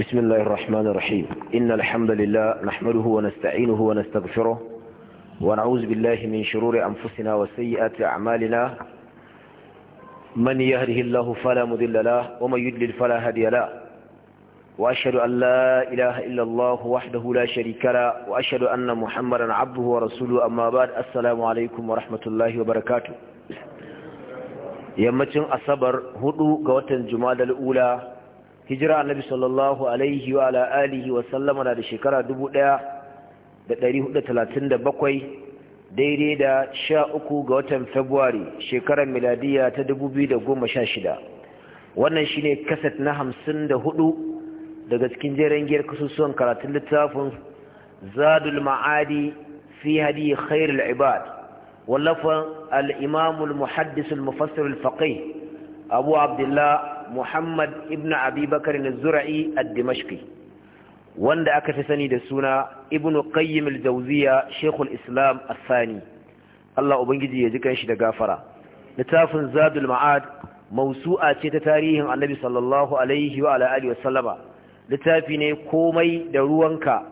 بسم الله الرحمن الرحيم إن الحمد لله نحمده ونستعينه ونستغفره ونعوذ بالله من شرور أنفسنا وسيئات أعمالنا من يهده الله فلا مذل له ومن يدلل فلا هدي له وأشهد أن لا إله إلا الله وحده لا شريك له وأشهد أن محمدا عبده ورسوله أما بعد السلام عليكم ورحمة الله وبركاته yammacin asabar hudu ga watan jumadal ula hijira annabi sallallahu alaihi wa ala alihi wa sallama na da shekara 1437 daidai da 13 ga watan Fabrairu shekarar miladiya ta 2016 wannan shine kaset na 54 daga cikin jerin giyar kasusuwan karatun littafin zadul ma'adi fi hadi khairul ibad wallafan al-imam al-muhaddis al-mufassir al-faqih abu abdullah muhammad ibn abi bakar zura'i ad-dimashqi wanda aka fi sani da suna ibn qayyim al-jawziya shekul islam asani Allah ubangiji ya ji kanshi da gafara littafin zadul ma'ad mausu'a ce ta tarihin annabi sallallahu alaihi wa alihi wa sallama littafi ne komai da ruwanka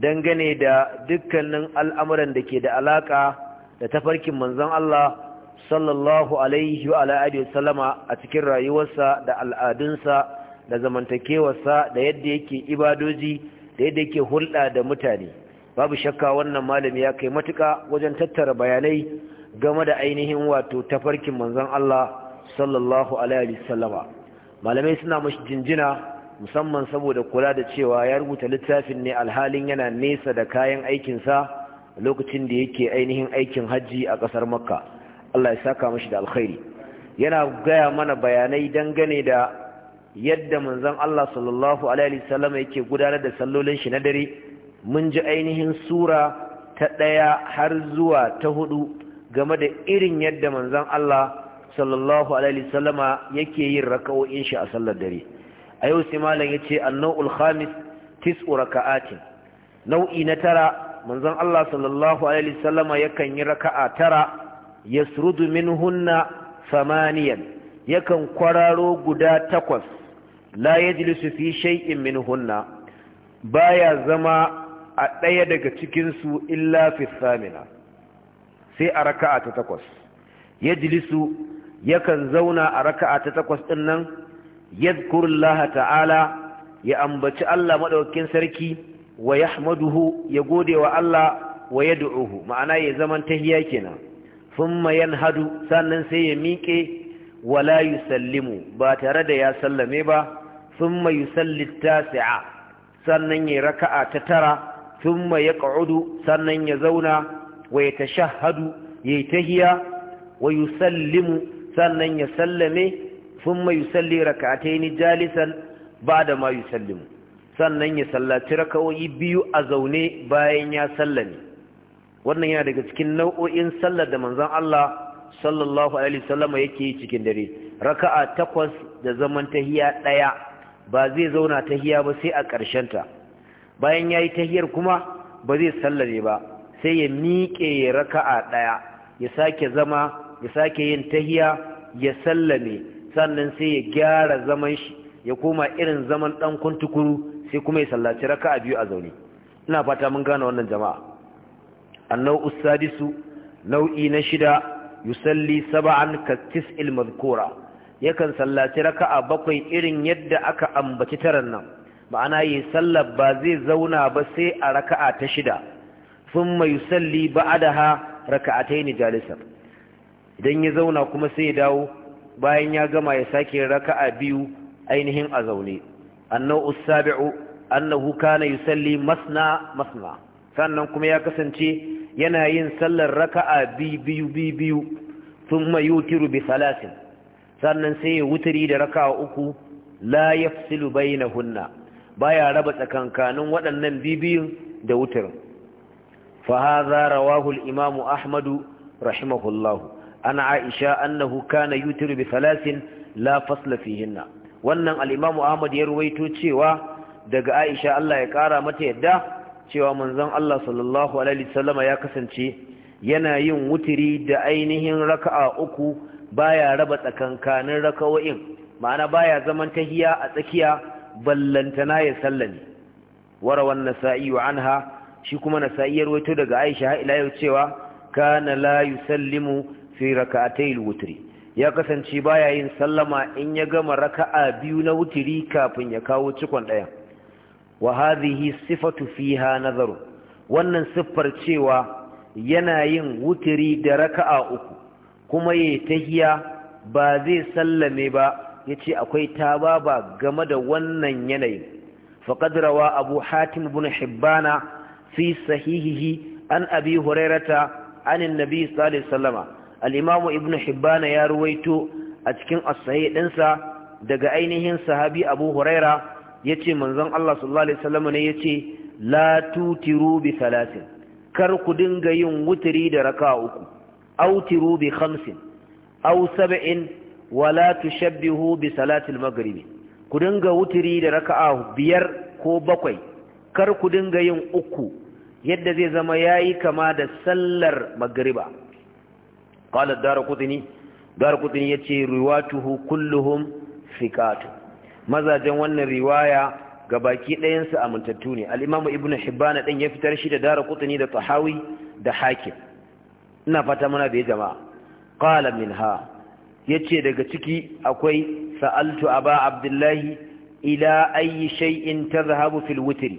dangane da dukkanin al'amuran da ke da alaka da tafarkin manzon Allah sallallahu alaihi wa alihi wasallama a cikin rayuwarsa da al'adunsa da zamantakewarsa da yadda yake ibadoji da yadda yake hulɗa da mutane babu shakka wannan malami ya kai matuka wajen tattara bayanai game da ainihin wato tafarkin manzon Allah sallallahu alaihi salama. malamai suna mashi jinjina musamman saboda kula da cewa ya rubuta littafin ne alhalin yana nesa da kayan aikinsa lokacin da yake ainihin aikin hajji a ƙasar makka Allah ya saka mashi da alkhairi yana gaya mana bayanai dangane da yadda manzon Allah sallallahu alaihi wasallam yake gudanar da sallolin shi na dare mun ji ainihin sura ta ɗaya har zuwa ta hudu game da irin yadda manzon Allah sallallahu alaihi yake yin raka'o'in shi a sallar dare a yau sai malam yace annawul khamis tis'u raka'atin nau'i na tara manzon Allah sallallahu alaihi yakan yi raka'a tara yasrudu minhunna samaniyan yakan kwararo guda takwas la yajlisu fi shay'in minhunna baya zama a ɗaya daga cikin su illa fi samina sai a raka'a ta takwas yajlisu yakan zauna a raka'a ta takwas din nan yadhkurullaha ta'ala ya ambaci Allah madaukakin sarki wa yahmaduhu ya gode wa Allah wa yad'uhu ma'ana ya zaman tahiya kenan thumma yanhadu sannan sai ya miƙe wala yusallimu ba tare da ya sallame ba thumma yusalli tasi'a sannan ya raka'a ta tara thumma yaq'udu sannan ya zauna wa yatashahhadu yayi tahiya wa yusallimu sannan ya sallame thumma yusalli rak'atayn jalisan ba'da ma yusallimu sannan ya sallaci raka'o'i biyu a zaune bayan ya sallame wannan yana daga cikin nau'o'in sallar da manzon Allah sallallahu alaihi wasallam yake yi cikin dare raka'a takwas da zaman tahiya daya ba zai zauna tahiya ba sai a ƙarshen ta bayan yayi tahiyar kuma ba zai sallare ba sai ya miƙe raka'a daya ya sake zama ya sake yin tahiya ya sallame sannan sai ya gyara zaman shi ya koma irin zaman dan kuntukuru sai kuma ya sallaci raka'a biyu a zaune ina fata mun gane wannan jama'a annau Sadisu, nau'i na shida yusalli saba'an ka tis'il mazkura yakan sallaci raka'a bakwai irin yadda aka ambaci taran nan ma'ana yi sallar ba zai zauna ba sai a raka'a ta shida sun mai salli ba a da ha raka'a ta yi jalisa idan ya zauna kuma sai ya dawo bayan ya gama ya sake raka'a biyu ainihin a zaune annau usabi'u annahu kana yusalli masna masna sannan kuma ya kasance yana yin sallar raka'a biyu biyu biyu thumma yutiru bi salasin sannan sai ya wuturi da raka'a uku la yafsilu Ba baya raba tsakankanin waɗannan bibiyun da wuturin fa rawahul imamu ahmadu imam rahimahullahu ana aisha annahu kana yutiru bi salasin la fasla fihinna wannan Alimamu ahmad ya ruwaito cewa daga aisha Allah ya kara mata yadda cewa manzon Allah sallallahu alaihi wasallama ya kasance yana yin wutiri da ainihin raka'a uku baya raba tsakankanin raka'o'in ma'ana baya zaman tahiya a tsakiya ballantana ya sallami warawan nasa'i wa anha shi kuma nasa'i ya rawaito daga Aisha ila yau cewa kana la yusallimu fi raka'atayil wutri ya kasance baya yin sallama in ya gama raka'a biyu na wutiri kafin ya kawo cikon ɗayan wa hadhihi sifatu fiha nazaru wannan siffar cewa yana yin wutiri da raka'a uku kuma yayi tahiya ba zai sallame ba yace akwai tababa game da wannan yanayin faqad rawa abu hatim ibn hibbana fi sahihihi an abi hurairata an annabi sallallahu alaihi wasallama al-imam ibn hibbana ya ruwaito a cikin as-sahih dinsa daga ainihin sahabi abu huraira yace manzon Allah sallallahu alaihi wasallam ne yace la tutiru bi thalathin kar ku dinga yin wutiri da raka uku aw tiru bi khamsin aw sab'in wala tushabbihu bi salatil maghrib ku dinga wutiri da raka'a biyar ko bakwai kar ku dinga yin uku yadda zai zama yayi kama da sallar magriba qala ad-darqutni darqutni yace riwatuhu kulluhum fiqatun mazajen wannan riwaya ga baki ɗayansu amintattu ne al'imamu ibn hibbana ɗin ya fitar shi da dara kutuni da tahawi da hakim ina fata muna bai jama'a qala minha yace daga ciki akwai sa'altu aba abdullahi ila ayi shay'in zahabu fil witr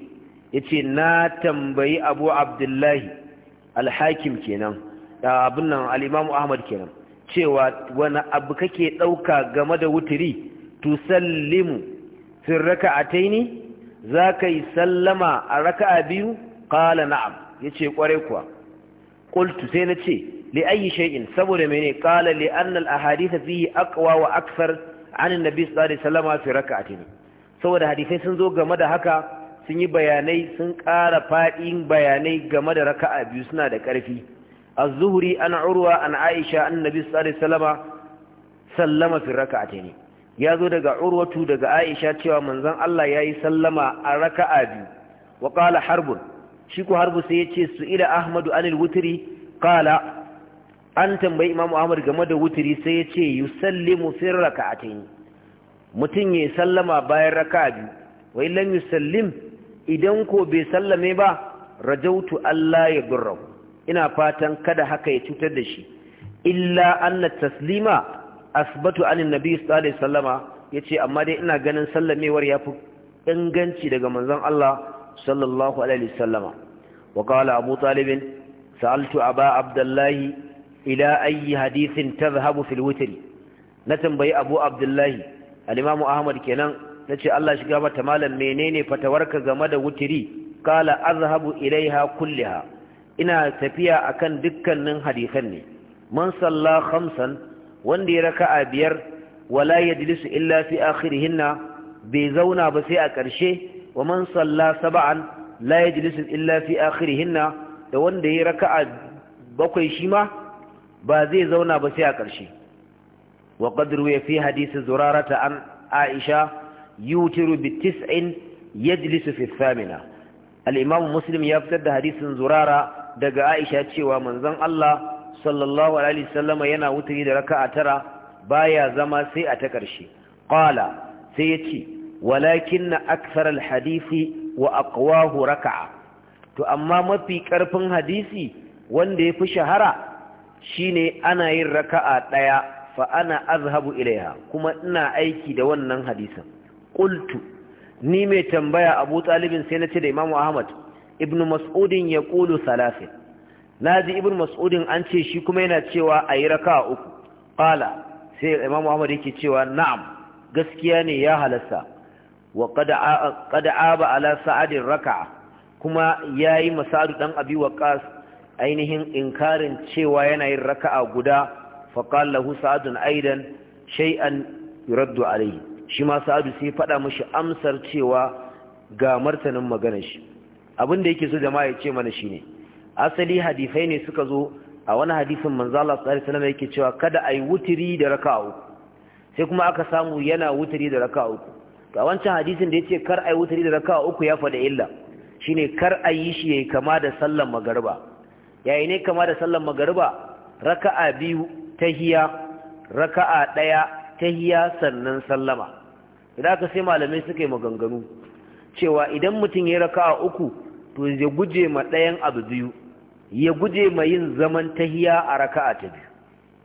yace na tambayi abu abdullahi al-hakim kenan abin nan al ahmad kenan cewa wani abu kake ɗauka game da wutiri tusallimu fi raka'ataini za ka yi sallama a raka'a biyu Ƙala na'am yace kware kuwa ƙultu sai na ce li ayi shay'in saboda mene ƙala li a hadisa fi yi aqwa wa akthar an annabi sallallahu alaihi wasallam fi taini? saboda hadisai sun zo game da haka sun yi bayanai sun ƙara faɗin bayanai game da raka'a biyu suna da ƙarfi A zuhuri an urwa an aisha an nabi alaihi wasallam sallama fi taini. ya zo daga urwatu daga aisha cewa manzon Allah ya yi sallama a raka'a biyu wa qala harbun shi ko harbu sai ya ce su ila ahmadu anil wutri ƙala. an tambayi imamu ahmad game da wutri sai ya ce yusallimu fi raka'atayn mutum ya sallama bayan raka'a biyu wa illam yusallim idan ko bai sallame ba rajautu Allah ya gurra ina fatan kada haka ya cutar da shi illa anna taslima asbatu anin nabi sallallahu alaihi wasallama yace amma dai ina ganin sallamewar yafi inganci daga manzon Allah sallallahu alaihi wasallama wa qala abu talib sa'altu aba abdullah ila ayi hadithin tadhhabu fil witr na tambayi abu abdullah al-imam ahmad kenan nace Allah shiga mata malam menene fatawarka game da wutiri qala azhabu ilaiha kulliha ina tafiya akan dukkanin hadisan ne man sallah khamsan wanda ya raka'a biyar wala yajlisu illa fi akhirihinna bai zauna ba sai a ƙarshe wa man salla sab'an la yajlisu illa fi akhirihinna da wanda ya raka'a bakwai shi ma ba zai zauna ba sai a ƙarshe wa qad ya fi hadisi zurarata an aisha yutiru bi tis'in yajlisu fi thamina al muslim ya fitar da hadisin zurara daga aisha cewa manzon Allah sallallahu alaihi sallama yana wuturi da raka'a tara baya zama sai a ta ƙarshe ƙwala sai yace walakin na aksar alhadisi wa akwahu raka'a to amma mafi ƙarfin hadisi wanda yafi shahara shine ana yin raka'a ɗaya fa ana azhabu ilaiha kuma ina aiki da wannan hadisin ƙultu ni mai tambaya Abu Talibin sai ce da Imam Ahmad ibn Mas'udin ya ƙulu salasin na ji ibn mas'udin an ce shi kuma yana cewa ayi yi raka uku ƙala sai imam muhammad yake cewa na'am gaskiya ne ya halasta wa kada aba ala sa'adin raka kuma ya yi masa'adu ɗan abi wa ainihin inkarin cewa yana yin raka'a guda faƙal lahu sa'adun aidan shai'an yuraddu alaihi shi ma sa'adu sai faɗa mashi amsar cewa ga martanin maganar shi abin da yake so jama'a ya ce mana shine ne asali hadisai ne suka zo a wani hadisin manzo Allah sallallahu alaihi yake cewa kada yi wutiri da raka'a uku sai kuma aka samu yana wutiri da raka'a uku ga wancan hadisin da ya ce kar yi wutiri da raka'a uku ya faɗa illa shine kar a yi shi yayi kama da sallan magariba yayi ne kama da sallan magariba raka'a biyu tahiya raka'a daya tahiya sannan sallama idan aka sai malamai suka yi maganganu cewa idan mutum ya yi raka'a uku to ya guje ma ɗayan abu biyu ya guje ma yin zaman tahiya a raka'a ta biyu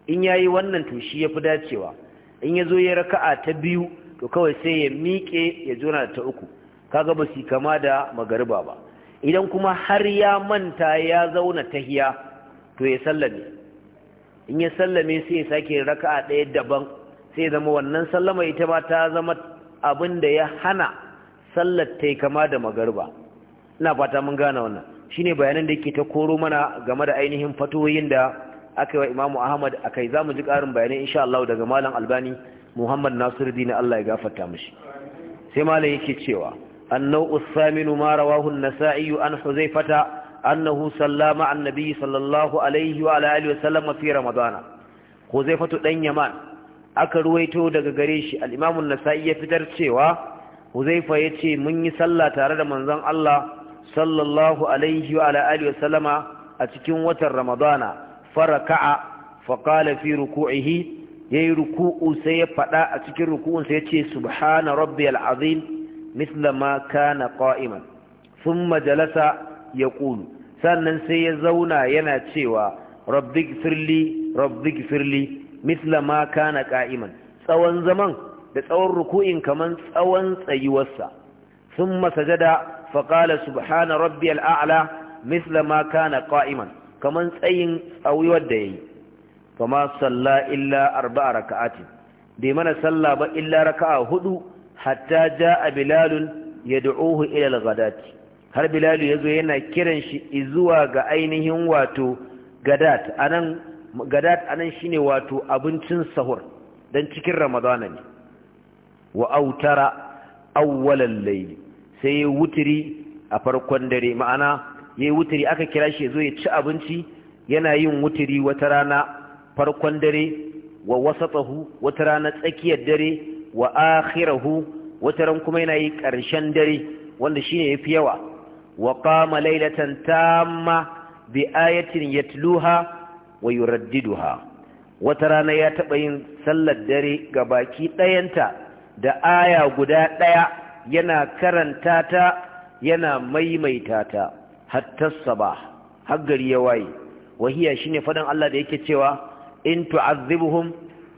in yayi wannan to shi yafi dacewa in ya zo ya raka'a ta biyu to kawai sai ya miƙe ya jona ta uku kaga ba su kama da magariba ba idan kuma har ya manta ya zauna tahiya to ya sallame in ya sallame sai ya sake raka'a ɗaya daban sai zama wannan sallama ita ma ta zama abin da ya hana sallar ta kama da magariba ina fata mun gane wannan shine bayanan da yake ta koro mana game da ainihin fatoyin da aka wa Imam Ahmad akai zamu ji karin bayanai insha Allah daga Malam Albani Muhammad Nasiru, Nasiruddin Allah ya gafata mishi sai Malam yake cewa annau thaminu na sa'iyu an-nasa'i an huzaifata annahu sallama an-nabi sallallahu alaihi wa alayhi wa sallam fi zai huzaifatu dan yaman aka ruwaito daga gare shi alimamun na an-nasa'i ya fitar cewa huzaifa ce mun yi sallah tare da manzon Allah sallallahu alaihi wa ala wa salama. a cikin watan ramadana faraka'a fa qala fi ruku'ihi yayi ruku'u sai ya faɗa a cikin ruku'un sai ya ce subhana rabbiyal azim mithla ma kana qa'iman thumma ya yaqulu sannan sai ya zauna yana cewa rabbighfirli rabbighfirli mithla ma kana qa'iman tsawon zaman da tsawon ruku'in kamar tsawon tsayuwarsa thumma jada. فقال subhana ربي الاعلى misla ما كان قائما كما تsayin tsawi wanda yayi kuma salla illa arba'a rak'ati bi mana salla ba illa raka'a hudu hatta jaa bilal yad'uhu ila al-ghadat har bilal yazo yana kiran shi zuwa ga ainihin wato gadat anan gadat shine wato abincin sahur dan cikin ramadana ne wa awtara awwalal layl sai ya wutiri a farkon dare ma'ana ya yi wutiri aka kira shi zo ya ci abinci yana yin wuturi wata rana farkon dare wa wasatahu wata rana tsakiyar dare wa akhirahu wata ran kuma yana yi ƙarshen dare wanda shine yafi yawa wa qama laylatan tamma bi ayatin yatluha wa yuraddiduha wata rana ya taɓa yin sallar dare ga baki ɗayanta da aya guda ɗaya yana karanta ta yana maimaita ta hatta har gari ya waye wahiya shine faɗan Allah da yake cewa in tu'azzibuhum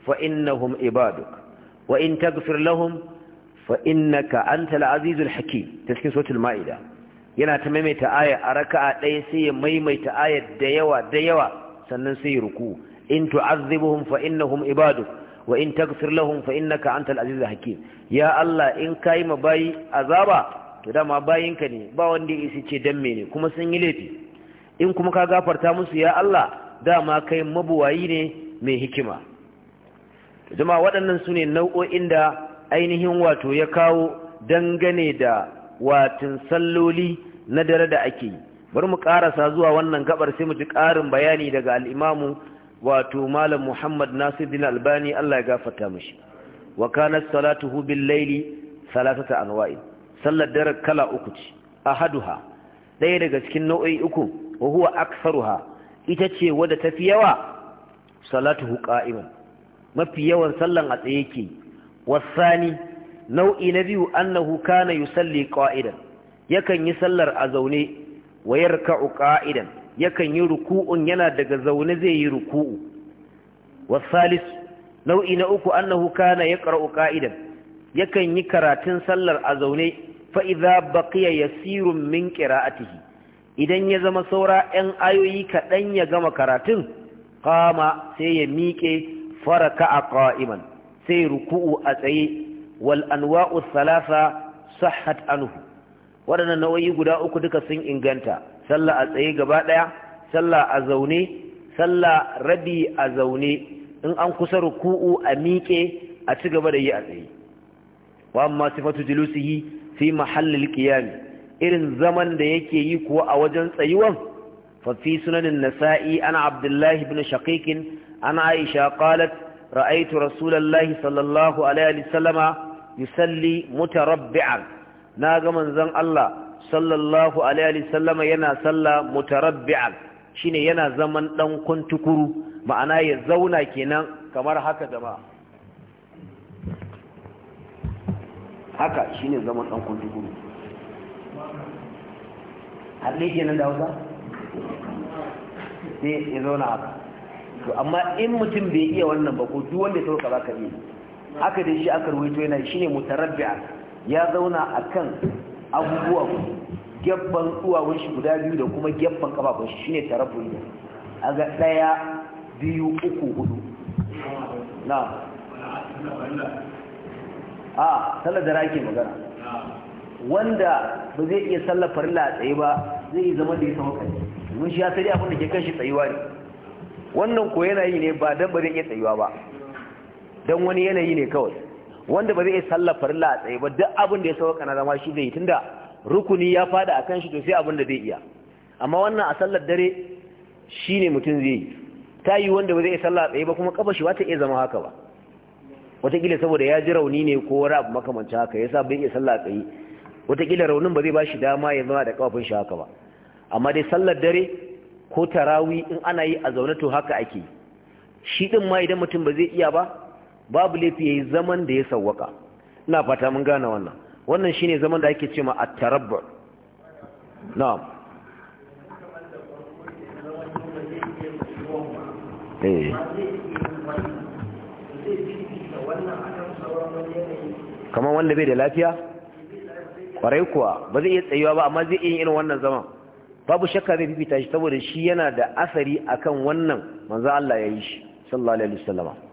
fa innahum ibaduk wa in taghfir lahum fa innaka antal azizul hakim cikin suratul maida yana ta maimaita aya a raka'a ɗaya sai ya maimaita ayar da yawa da yawa sannan sai ya ruku in tu'azzibuhum fa innahum ibaduk wa in tagfir lahum fa innaka antal azizul hakim ya Allah in kai ma bayi azaba to dama bayinka ne ba wanda ya isi ce dan mene kuma sun yi laifi in kuma ka gafarta musu ya Allah dama kai mabuwayi ne mai hikima jama'a waɗannan su ne nau'o'in da ainihin wato ya kawo dangane da watin salloli na dare da ake yi bari mu ƙarasa zuwa wannan gabar sai mu ji karin bayani daga al'imamu wato malam muhammad nasiruddin albani Allah ya gafarta mashi wa kanat salatuhu bil layli salatata anwa'i sallar dare kala uku ce ahaduha ɗaya daga cikin nau'i uku wa huwa aktsaruha ita ce wadda tafi yawa salatuhu qa'iman mafi yawan sallan a tsaye yake wasani nau'i na biyu annahu kana yusalli qa'idan yakan yi sallar a zaune wa yarka'u qa'idan yakan yi ruku'un yana daga zaune zai yi ruku'u wasalis nau'i na uku annahu kana yaqra'u qa'idan yakan yi karatun sallar a zaune fa idza baqiya yasirun min qira'atihi idan ya zama saura 'yan ayoyi kaɗan ya gama karatun kama sai ya miƙe faraka a ƙa'iman sai ruku'u a tsaye wal anwa'u salasa sahhat anhu waɗannan nau'i guda uku duka sun inganta sallah a tsaye gaba ɗaya sallah a zaune sallah rabi a zaune in an kusa ruku'u a miƙe a ci gaba da yi a tsaye wa amma sifatu julusihi fi mahallil qiyam irin zaman da yake yi kuwa a wajen tsayuwan fa fi sunanin nasa'i ana abdullahi ibn shaqiq ana aisha qalat ra'aytu rasulullahi sallallahu alaihi wasallama yusalli mutarabbi'an ga manzon Allah sallallahu alaihi sallama yana salla mutarabbi'an shine yana zaman dan kuntukuru ma'ana ya zauna kenan kamar haka jama'a haka shine zaman dan kuntukuru har ne kenan da Hausa sai ya zauna haka to amma in mutum bai iya wannan ba ko duk wanda ya tauka zaka yi haka dai shi aka ruwaito yana shine mutarabbi'an ya zauna akan abubuwa gyabban duwawun shi guda biyu da kuma gyabban kafafun shi shine tarabbu a ga daya biyu uku hudu na a sallar da rake magana wanda ba zai iya sallar farilla a tsaye ba zai yi zama da ya sama kai mun shi ya sai abin da ke kan shi tsayuwa ne wannan ko yana yi ne ba dan ba zai iya tsayuwa ba dan wani yanayi ne kawai wanda ba zai iya sallar farilla a tsaye ba duk abin da ya sauka na zama shi zai yi tunda rukuni ya fada a kan shi to sai abin da zai iya amma wannan a sallar dare shi ne mutum zai yi ta yi wanda ba zai iya sallar a tsaye ba kuma kafa shi wata iya zama haka ba wataƙila saboda ya ji rauni ne ko wani abu makamanci haka yasa bai iya sallar a tsaye wataƙila raunin ba zai ba shi dama ya zama da kafafun shi haka ba amma dai sallar dare ko tarawi in ana yi a zaune to haka ake shi din ma idan mutum ba zai iya ba babu laifi ya yi zaman da ya sauwaka ina fata mun gane wannan wannan shine zaman da ake ma a tarabbu na'am eh kamar wanda bai da lafiya kwarai kuwa ba zai iya tsayuwa ba amma zai iya irin wannan zaman babu shakka zai fifita shi saboda shi yana da asari akan wannan manzo Allah ya yi shi sallallahu alaihi wasallama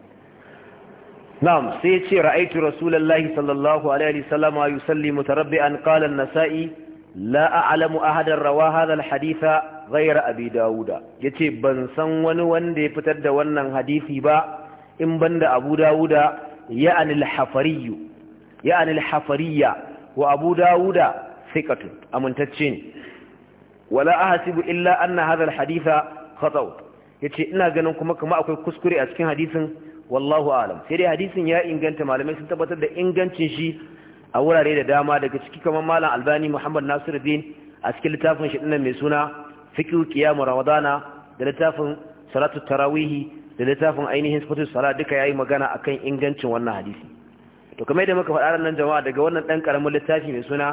نعم سيتي رأيت رسول الله صلى الله عليه وسلم يصلي متربئا قال النسائي لا أعلم أحدا روى هذا الحديث غير أبي داود يتي بنسان ونوان دي فتد ونن حديثي با إن بند أبو داود يعني الحفري يعني الحفرية وأبو داود ثقة أمن تتشين ولا أحسب إلا أن هذا الحديث خطأ يتي إنا قنن كما كما أكل كسكري أسكين حديث wallahu alam sai dai hadisin ya inganta malamai sun tabbatar da ingancin shi a wurare da dama daga ciki kamar malam albani muhammad nasiruddin a cikin littafin shi dinnan mai suna fiqh qiyam ramadana da littafin salatu tarawih da littafin ainihin sifatu salat duka yayi magana akan ingancin wannan hadisi to kamar yadda muka faɗa nan jama'a daga wannan dan karamin littafi mai suna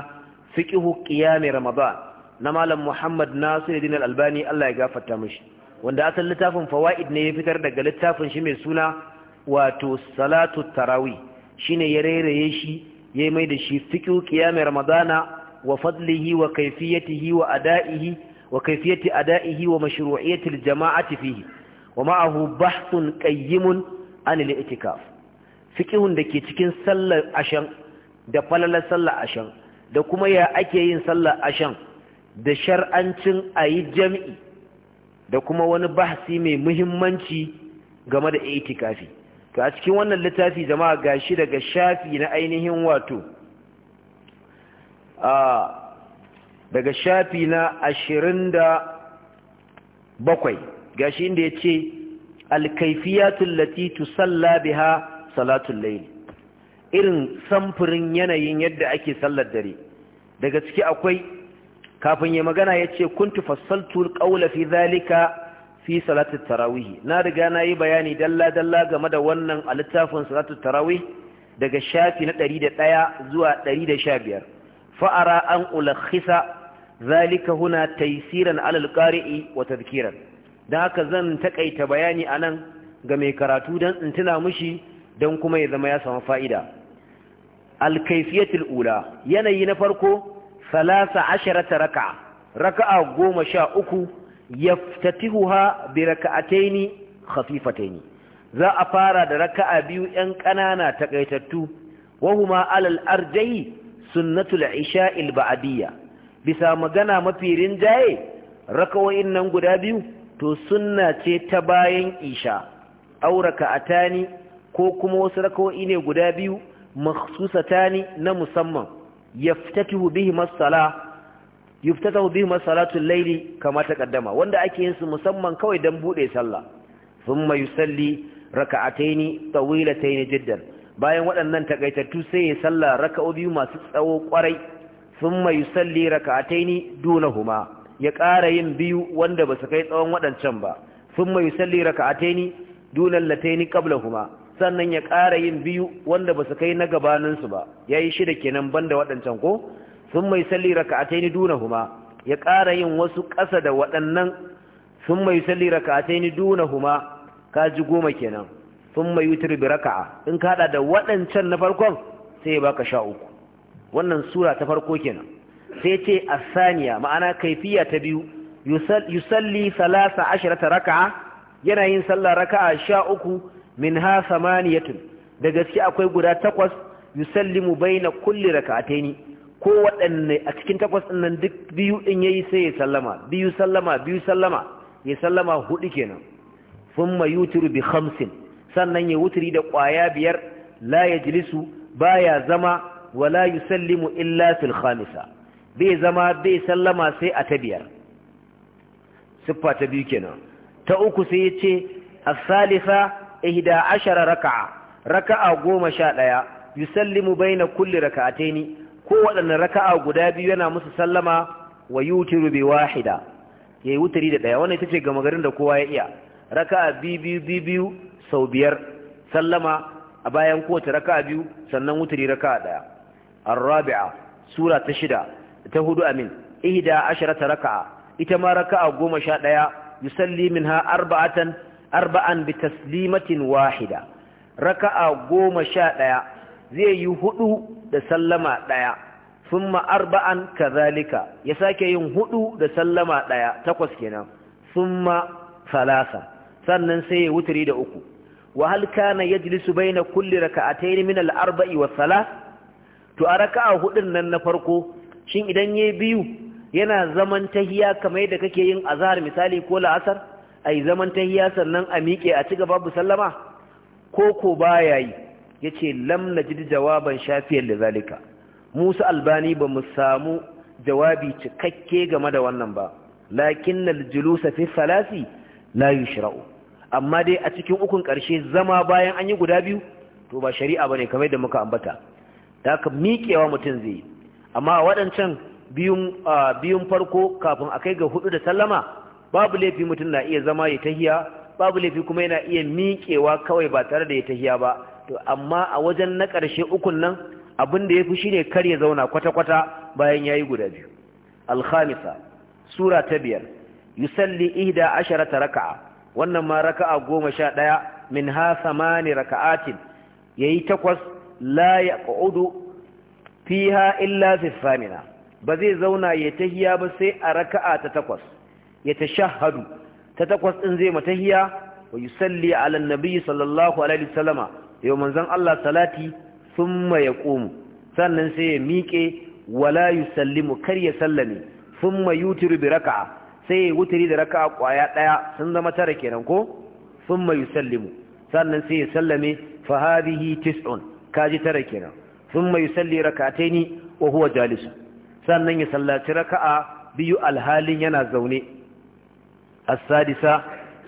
fiqh qiyam ramadan na malam muhammad nasiruddin albani Allah ya gafarta mishi wanda asalin littafin fawaid ne ya fitar daga littafin shi mai suna wato salatu tarawi shine ya rairaye shi ya mai da shi fiqhu qiyam ramadana wa fadlihi wa kaifiyatihi wa ada'ihi wa kaifiyati ada'ihi wa mashru'iyati aljama'ati fihi wa ma'ahu bahthun qayyimun an al-i'tikaf fikihun dake cikin sallar ashan da falalar sallar ashan da kuma ya ake yin sallar ashan da shar'ancin ayi jami'i da kuma wani bahsi mai muhimmanci game da itikafi to a cikin wannan littafi jama'a gashi daga shafi na ainihin wato a daga shafi na ashirin da bakwai gashi inda ya ce tullati lati tusalla biha salatul layl irin samfurin yanayin yadda ake sallar dare daga ciki akwai kafin ya magana ya ce kuntu fassaltu alqawla fi dhalika fi salatu tarawih na riga na yi bayani dalla dalla game da wannan a littafin salatu tarawih daga shafi na 101 zuwa 115 fa'ara an ulakhisa zalika huna taysiran alal qari'i wa tadhkiran dan haka zan takaita bayani anan ga mai karatu dan in tuna mishi dan kuma ya zama ya samu fa'ida al-kayfiyatul ula yanayi na farko 13 raka'a raka'a 13 yaftatihuha bi raka'ataini khafifataini za a fara da raka'a biyu yan ƙanana takaitattu wahuma alal arjayi sunnatul isha'il ba'diyya bisa magana mafi rinjaye raka'o'in nan guda biyu to sunna ce ta bayan isha aw raka'atani ko kuma wasu raka'o'i ne guda biyu makhsusatani na musamman yaftatihu bihi as-salah yuftatahu bihima salatul layli kama taqaddama wanda ake yin su musamman kawai dan bude sallah thumma yusalli raka'ataini tawilataini jiddan bayan waɗannan takaitattu sai ya salla biyu masu tsawo kwarai thumma yusalli raka'ataini dunahuma ya ƙara yin biyu wanda ba su kai tsawon waɗancan ba thumma yusalli raka'ataini dunal lataini qablahuma sannan ya ƙara yin biyu wanda ba su kai na gabaninsu ba yayi shida kenan banda waɗancan ko sun mai salli raka'ataini huma ya ƙara yin wasu ƙasa da waɗannan sun mai salli raka'ataini huma ka ji goma kenan sun mai yutir bi raka'a in ka haɗa da waɗancan na farkon sai ya ka sha uku wannan sura ta farko kenan sai ce saniya ma'ana kaifiya ta biyu yusalli salasa raka a, yana yin raka raka'a sha uku min ha tun. da gaske akwai guda takwas yusallimu baina kulli raka'ataini ko waɗanne a cikin takwas ɗin duk biyu ɗin ya yi sai ya sallama biyu sallama biyu sallama ya sallama hudu kenan sun ma bi hamsin sannan ya wuturi da ƙwaya biyar la ya jilisu ba ya zama wala yi sallimu illa fil khamisa bai zama bai sallama sai a ta biyar siffa ta biyu kenan ta uku sai ya ce a salisa ihda ashara raka'a raka'a goma sha ɗaya yusallimu bai na kulli raka'ataini ko waɗanne raka'a guda biyu yana musu sallama wa yutiru bi wahida yayi wutari da daya wannan ita ce gama garin da kowa ya iya raka'a biyu biyu sau biyar sallama a bayan kowace raka'a biyu sannan wutari raka'a daya ar-rabi'a sura ta shida ta hudu amin ihda asharata raka'a ita ma raka'a goma sha ɗaya yusalli minha arba'atan arba'an bi taslimatin wahida raka'a goma sha ɗaya zai yi hudu da sallama ɗaya sun arba'an kazalika ya sake yin hudu da sallama ɗaya takwas kenan sun salasa sannan sai ya wuturi da uku wahal kana yajlisu baina kulli raka'atayn min al-arba'i wa salas to a raka'a hudun nan na farko shin idan yayi biyu yana zaman tahiya kamar da kake yin azhar misali ko la'asar ai zaman tahiya sannan a miƙe a ci gaba bu sallama ko ko baya yi Ya ce lam najid jawaban shafiyar da zalika Musa Albani ba mu samu jawabi cikakke game da wannan ba Lakin na julusa fi salasi la shirau. amma dai a cikin ukun ƙarshe zama bayan an yi guda biyu to ba shari'a ba ne kamar da muka ambata ta ka miƙewa mutum zai amma waɗancan biyun biyun farko kafin a kai ga hudu da sallama babu laifi mutum na iya zama ya tahiya babu laifi kuma yana iya miƙewa kawai ba tare da ya tahiya ba to amma a wajen na ƙarshe ukun nan abin da ya fi shine kar ya zauna kwata-kwata bayan ya yi guda biyu alhamisa sura ta biyar yusalli ihda asharata raka'a wannan ma raka'a goma sha ɗaya min ha samani raka'atin ya yi takwas la ya fi fiha illa fi ba zai zauna ya tahiya ba sai a raka'a ta takwas ya tashahhadu ta takwas ɗin zai matahiya wa yusalli Alannabi, sallallahu alaihi wasallama yau manzan Allah salati sun ya ƙomu sannan sai ya miƙe wala sallimu kar ya sallame sun yutiru bi raka'a sai ya wuturi da raka'a ƙwaya ɗaya, sun zama tara kenan ko sun thumma sallimu sannan sai ya sallame fa tis'un kaji tara kenan Sun thumma yusalli rak'ataini wa huwa sannan ya sallaci raka'a biyu alhalin yana zaune asadisa sadisa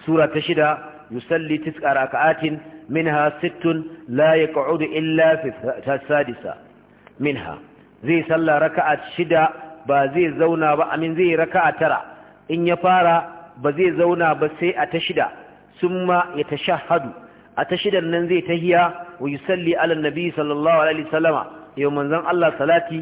sura ta shida yusalli tis'a raka'atin minha sittun la yaq'udu illa fi sadisa minha zai salla raka'a shida ba zai zauna ba amin zai raka'a tara in ya fara ba zai zauna ba sai a ta ya summa yatashahhadu a ta shidan nan zai tahiya wa yusalli ala nabi sallallahu alaihi wasallama yau manzon Allah salati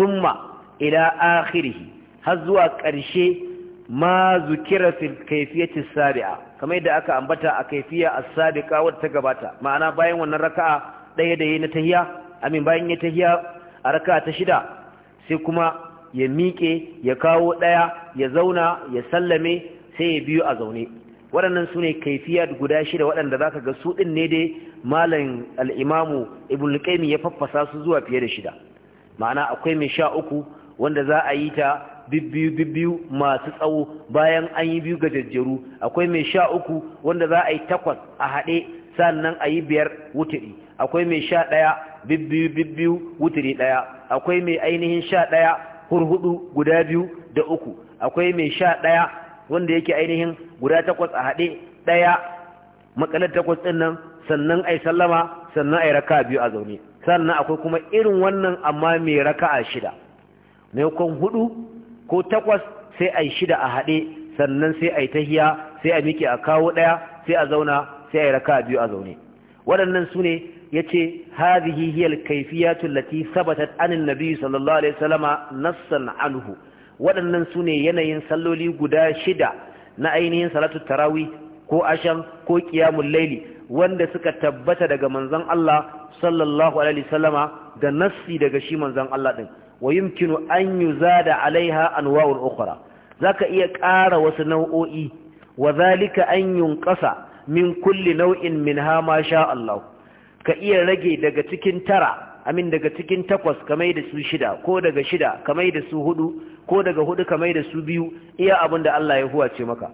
summa ila akhirih har zuwa ƙarshe ma zukira fil kaifiyati sabi'a kamar yadda aka ambata a kaifiya as-sabiqa wadda ta gabata ma'ana bayan wannan raka'a daya da yayin tahiyya amin bayan ya tahiyya a raka'a ta shida sai kuma ya miƙe ya kawo daya ya zauna ya sallame sai ya biyo a zaune waɗannan su ne kaifiya guda shida waɗanda za ka ga su ɗin ne dai malam al'imamu ibn ya faffasa su zuwa fiye da shida ma'ana akwai mai sha uku wanda za a yi ta bibbiyu bibbiyu masu tsawo bayan an yi biyu gajajjeru akwai mai sha uku wanda za a yi takwas a haɗe sannan a yi biyar wuturi akwai mai sha ɗaya bibbiyu bibbiyu wuturi ɗaya akwai mai ainihin sha ɗaya hurhudu guda biyu da uku akwai mai sha ɗaya wanda yake ainihin guda takwas a haɗe ɗaya makalar takwas ɗin sannan a yi sallama sannan a yi raka biyu a zaune sannan akwai kuma irin wannan amma mai raka'a shida maimakon hudu ko takwas sai a yi shida a haɗe sannan sai a yi tahiya sai a miƙe a kawo ɗaya sai a zauna sai a yi raka biyu a zaune waɗannan su ne ya ce hadhihi hiya alkayfiyatu allati thabatat an annabi sallallahu alaihi wasallama nassan anhu waɗannan su ne yanayin salloli guda shida na ainihin salatu tarawih ko ashan ko qiyamul laili wanda suka tabbata daga manzon Allah sallallahu alaihi wasallama da nassi daga shi manzon Allah din wa yumkinu an yuzada alaiha anwa'ul ukhra zaka iya ƙara wasu nau'o'i wazalika anyun ƙasa, yunqasa min kulli nau'in minha ma sha Allah ka iya rage daga cikin tara amin daga cikin takwas kamar da su shida ko daga shida kamar da su hudu ko daga hudu kamar da su biyu iya abin Allah ya huwace maka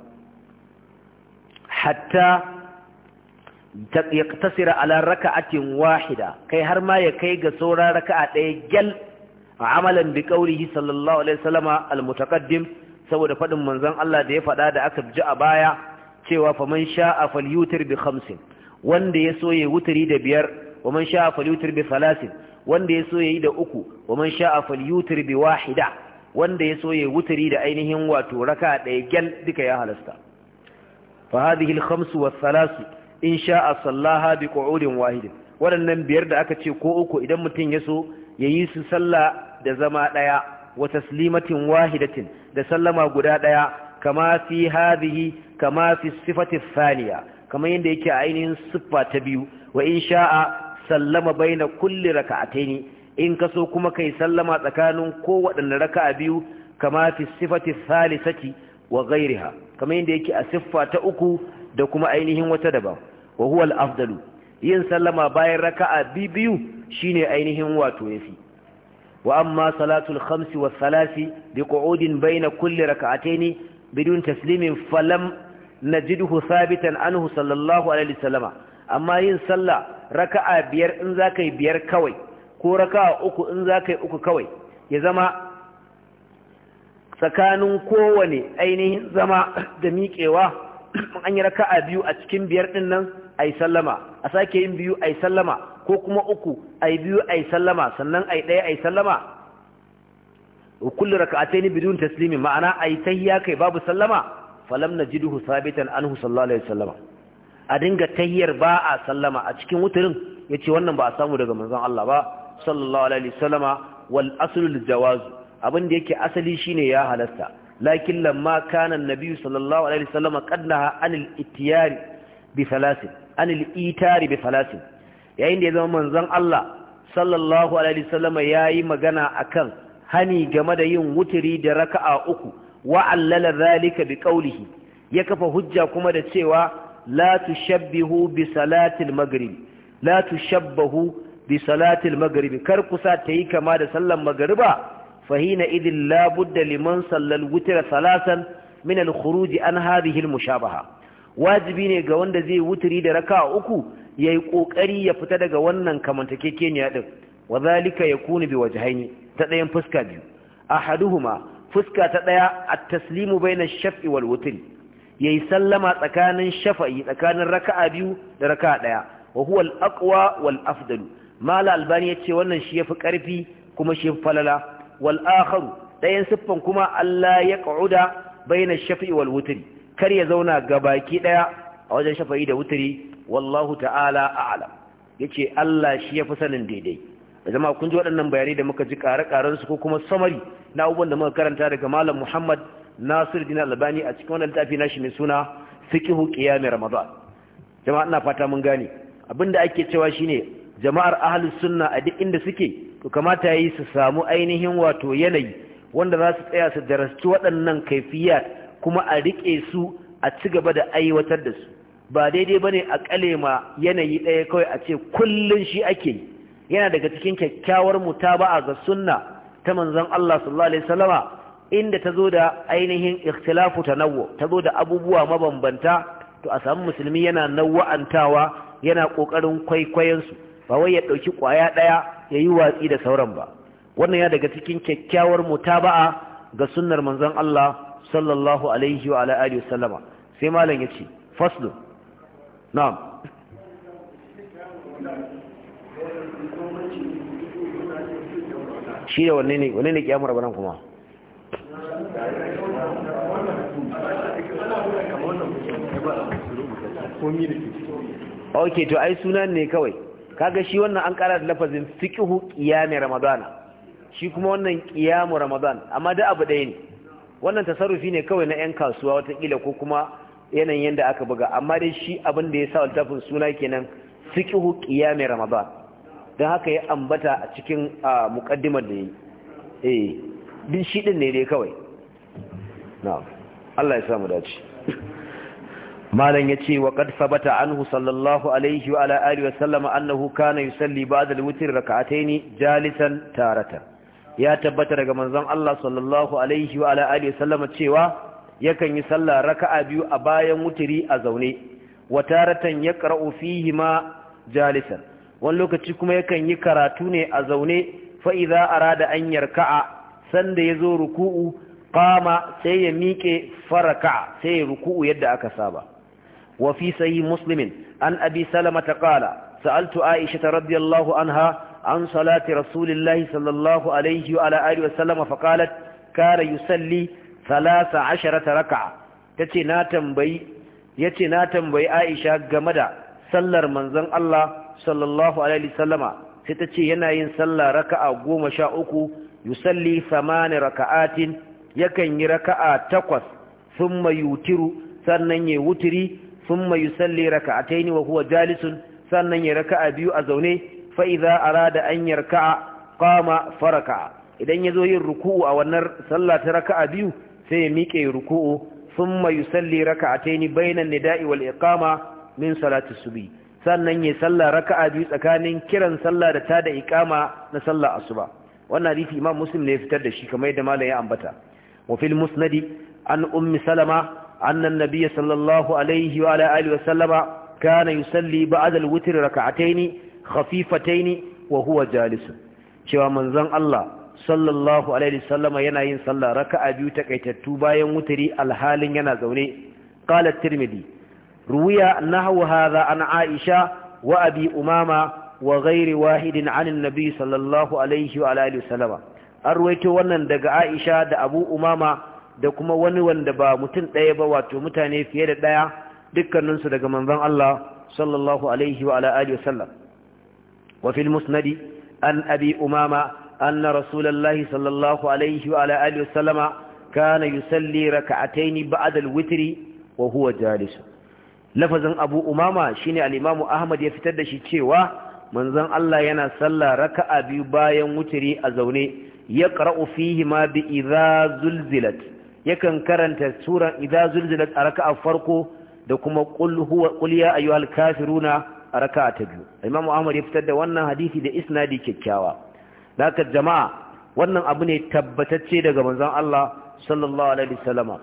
hatta ya tasira ala raka'atin wahida kai har ma ya kai ga saura raka'a ɗaya gyal amalan bi qawlihi sallallahu alaihi wasallama almutaqaddim saboda fadin manzon Allah da ya fada da aka ji a baya cewa faman sha'a falyutir bi khamsin wanda ya so ya wuturi da biyar wa man sha'a falyutir bi salasin wanda ya so yi da uku wa man sha'a falyutir bi wahida wanda ya so ya wuturi da ainihin wato raka ɗaya gyal duka ya halasta fa hadhihi al-khams wa thalath in sha'a sallaha bi qu'udin wahidin waɗannan biyar da aka ce ko uku idan mutum ya so yayi su sallah da zama ɗaya wa taslimatin wahidatin da sallama guda ɗaya kama fi hadhihi kama fi sifati thaniya kama yadda yake a ainihin siffa ta biyu wa in sha'a sallama baina kulli raka'ataini in kaso kuma kai sallama tsakanin kowaɗanne raka'a biyu kama fi sifati thalithati wa ghairiha kama yadda yake a siffa ta uku da kuma ainihin wata daban wa huwa al-afdalu yin sallama bayan raka'a biyu shine ainihin wato yafi وأما صلاة الخمس والثلاث بقعود بين كل ركعتين بدون تسليم فلم نجده ثابتا عنه صلى الله عليه وسلم أما ين صلى ركعة بير إن ذاك بير كوي كو ركعة أكو إن ذاك أكو كوي يزما tsakanin kowane ainihin zama da miƙewa an yi raka'a biyu a cikin biyar ɗin nan a yi sallama a sake yin biyu a yi sallama ko kuma uku ai biyu ai sallama sannan ai ɗaya ai sallama wa kullu raka'atayn bidun taslimin, ma'ana ai tahiyya kai babu sallama falam na ji najiduhu sabitan anhu sallallahu alaihi sallama. a dinga tahiyar ba a sallama a cikin wuturin yace wannan ba a samu daga manzon Allah ba sallallahu alaihi sallama. wal aslu lil jawaz abin da yake asali shine ya halasta lakin lamma kana annabi sallallahu alaihi wasallama qadnaha anil itiyari bi thalath anil itari bi thalath yayin da ya zama manzon Allah sallallahu alaihi wasallama yayi magana akan hani game da yin wuturi da raka'a uku wa allala zalika bi qawlihi ya kafa hujja kuma da cewa la tushabbihu bi salatil maghrib la tushabbahu bi salatil maghrib kar kusa ta yi kama da sallan magriba fahina idin la budda liman sallal wutura salasan min al khuruj an hadhihi al mushabaha wajibi ne ga wanda zai wuturi da raka'a uku ya yi ƙoƙari ya fita daga wannan kamantakekeniya ɗin wa zalika ya kuni bi haini ta ɗayan fuska biyu ahaduhuma fuska ta ɗaya a taslimu bai na shaf'i wal ya yi sallama tsakanin shafa'i tsakanin raka'a biyu da raka'a ɗaya wa huwa al wal afdalu mala albani ce wannan shi yafi ƙarfi kuma shi falala wal ɗayan siffan kuma Allah ya ƙa'uda bai na shafi'i wal kar ya zauna gabaki ɗaya a wajen shafa'i da wutri wallahu ta'ala a'lam yace Allah shi yafi sanin daidai da jama'a kun ji waɗannan bayanai da muka ji kare karen su ko kuma samari na abubuwan da muka karanta daga malam Muhammad Nasir dina Albani a cikin wannan tafi nashi mai suna Fiqhu Qiyam Ramadan jama'a ina fata mun gane abinda ake cewa shine jama'ar ahlus sunna a duk inda suke to kamata yayi su samu ainihin wato yanayi wanda za su tsaya su darasci waɗannan kaifiyat kuma a riƙe su a ci gaba da aiwatar da su ba daidai ba ne a kale ma yanayi ɗaya kawai a ce kullum shi ake yi yana daga cikin kyakkyawar mutaba'a ga sunna ta manzon Allah sallallahu alaihi wasallama inda ta zo da ainihin ikhtilafu ta zo da abubuwa mabambanta to a samu musulmi yana nawa'antawa yana kokarin kwaikwayon su ba wai ya dauki kwaya ya yi watsi da sauran ba wannan ya daga cikin kyakkyawar mutaba'a ga sunnar manzon Allah sallallahu alaihi wasallama sai malam ya yace faslu na'am shi da wanne ne wanne ne kiyamar rabanan kuma ok to ai suna ne kawai kaga shi wannan an kara da lafazin fiqhu ne ramadana shi kuma wannan qiyamu ramadan amma da abu ɗaya ne wannan tasarrufi ne kawai na yan kasuwa watakila ko kuma yanayin yadda aka buga amma dai shi abin da ya sa littafin suna kenan fiqhu qiyam ramadan dan haka ya ambata a cikin muqaddimar da yi eh din shi din ne dai kawai na'am Allah ya sa mu dace malan yace wa qad sabata anhu sallallahu alaihi wa ala alihi wa sallama annahu kana yusalli ba'da al-witr rak'atayn jalisan taratan ya tabbata daga manzon Allah sallallahu alaihi wa ala alihi wa sallama cewa yakan yi sallah raka'a biyu a bayan wutiri a zaune wataratan ya qara'u fihi ma jalisan wani lokaci kuma yakan yi karatu ne a zaune fa idza arada an yarka'a sanda yazo ruku'u qama sai ya miƙe faraka'a sai ya ruku'u yadda aka saba wa fi sahih muslimin an abi salama taqala sa'altu aisha radhiyallahu anha an salati rasulillahi sallallahu alaihi wa ala alihi wa sallama faqalat kana yusalli thalatha asharata raka'a tace na tambayi yace na tambayi Aisha game da sallar manzon Allah sallallahu alaihi wasallama sai tace yana yin sallar raka'a 13 yusalli thamani raka'atin yakan yi raka'a takwas thumma yutiru sannan ya wutiri thumma yusalli raka'ataini wa huwa jalisun sannan ya raka'a biyu a zaune fa idza arada an yarka'a qama faraka idan yazo yin ruku'u a wannan sallar raka'a biyu sai ya miƙe ruku'u thumma yusalli raka'ataini bainan nida'i wal iqama min salati subhi sannan ya salla raka'a biyu tsakanin kiran salla da da iqama na sallah asuba wannan hadisi imam muslim ne ya fitar da shi kamar yadda malam ya ambata wa fil musnad an ummi salama anna an-nabiy sallallahu alaihi wa ala alihi wa sallama kana yusalli ba'da al-witr raka'ataini khafifataini wa huwa jalisun cewa manzon Allah sallallahu alaihi sallama yana yin sallah raka'a biyu takaitattu bayan wutari alhalin yana zaune qala tirmidhi ruwiya nahwu hadha an aisha wa abi umama wa ghairi wahidin an annabi sallallahu alaihi wa alihi sallama an wannan daga aisha da abu umama da kuma wani wanda ba mutum ɗaya ba wato mutane fiye da ɗaya dukkaninsu daga manzon Allah sallallahu alaihi wa alihi sallam wa fil musnadi an abi umama أن رسول الله صلى الله عليه وعلى آله وسلم كان يصلي ركعتين بعد الوتر وهو جالس لفظا أبو أمامة شيني الإمام أحمد يفتد شيئا من ذن الله ينا صلى ركع بيبايا وتري أزوني يقرأ فيهما بإذا زلزلت يكن كرنت سورة إذا زلزلت أركع فرقه دكما قل هو قل يا أيها الكافرون أركع تجو الإمام أحمد يفتد وانا حديثي ده إسنادي كتشاوا Daka jama'a wannan abu ne tabbatacce daga manzon Allah sallallahu alaihi wasallama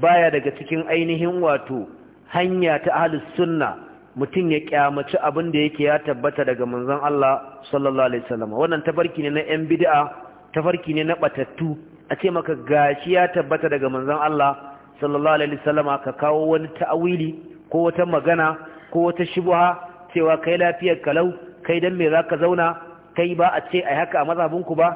baya daga cikin ainihin wato hanya ta ahlus sunna mutum ya kyamaci abin da yake ya tabbata daga manzon Allah sallallahu alaihi wasallama wannan tafarki ne na yan bid'a tafarki ne na batattu a ce maka gashi ya tabbata daga manzon Allah sallallahu alaihi wasallama ka kawo wani ta'awili ko wata magana ko wata shibuha cewa kai lafiyar kalau kai dan me za ka zauna kai ba a ce ai haka a mazhabinku ba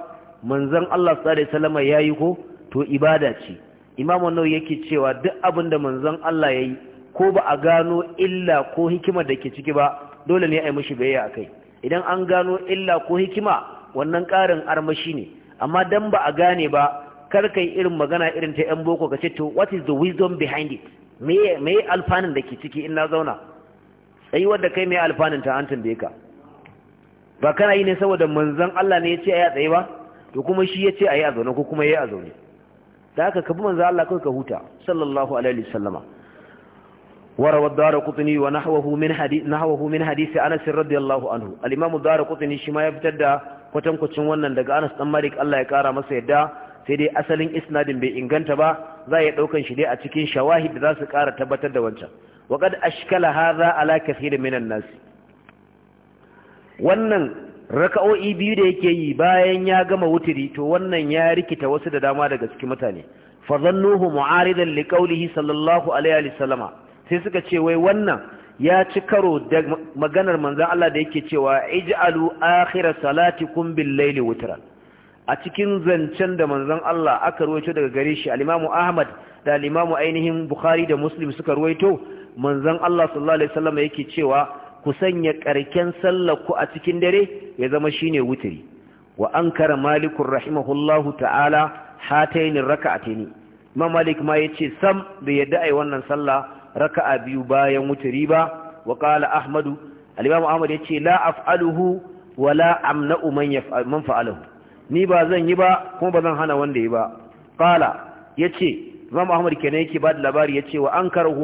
manzon Allah sallallahu alaihi wasallam yayi ko to ibada ce Imam an yake cewa duk abin da manzon Allah yayi ko ba a gano illa ko hikima da ke ciki ba dole ne a yi mishi bayya akai idan an gano illa ko hikima wannan karin armashi ne amma dan ba a gane ba kar kai irin magana irin ta yan boko ka ce to what is the wisdom behind it me me alfanun da ke ciki in na zauna Sai wanda kai me alfanun ta an tambaye ka ba kana yi ne saboda manzon Allah ne ya ce yi a tsaye ba to kuma shi ya ce yi a zaune ko kuma yi a zaune da haka ka bi manzon Allah kai ka huta sallallahu alaihi wasallama وروى min قطني ونحوه من حديث نحوه من حديث أنس رضي الله عنه shi ma ya fitar da kwatankwacin wannan daga Anas dan Malik Allah ya kara masa yadda sai dai asalin isnadin bai inganta ba za ya daukan shi dai a cikin shawahid da za su kara tabbatar da wancan wa qad ashkala hadha ala kathir minan nas wannan raka'o'i biyu da yake yi bayan ya gama wuturi to wannan ya rikita wasu da dama daga cikin mutane fa zannuhu mu'aridan li qawlihi sallallahu alaihi wa sallama sai suka ce wai wannan ya ci karo da maganar manzon Allah da yake cewa ij'alu akhira salatikum bil layli wutra a cikin zancen da manzon Allah aka ruwaito daga gare shi al-Imam Ahmad da al-Imam ainihin Bukhari da Muslim suka ruwaito manzon Allah sallallahu alaihi sallama yake cewa ku sanya ƙarken ku a cikin dare ya zama shine wutiri wa ankara malikun rahimahullahu ta'ala hatainin raka'ataini imam malik ma yace sam bai yadda ai wannan sallah raka'a biyu bayan wuturi ba wa qala ahmadu al-imam ya ce la af'aluhu wa la amna'u man fa'alahu ni ba zan yi ba kuma ba zan hana wanda yi ba qala yace imam ahmad kenan yake ba da labari yace wa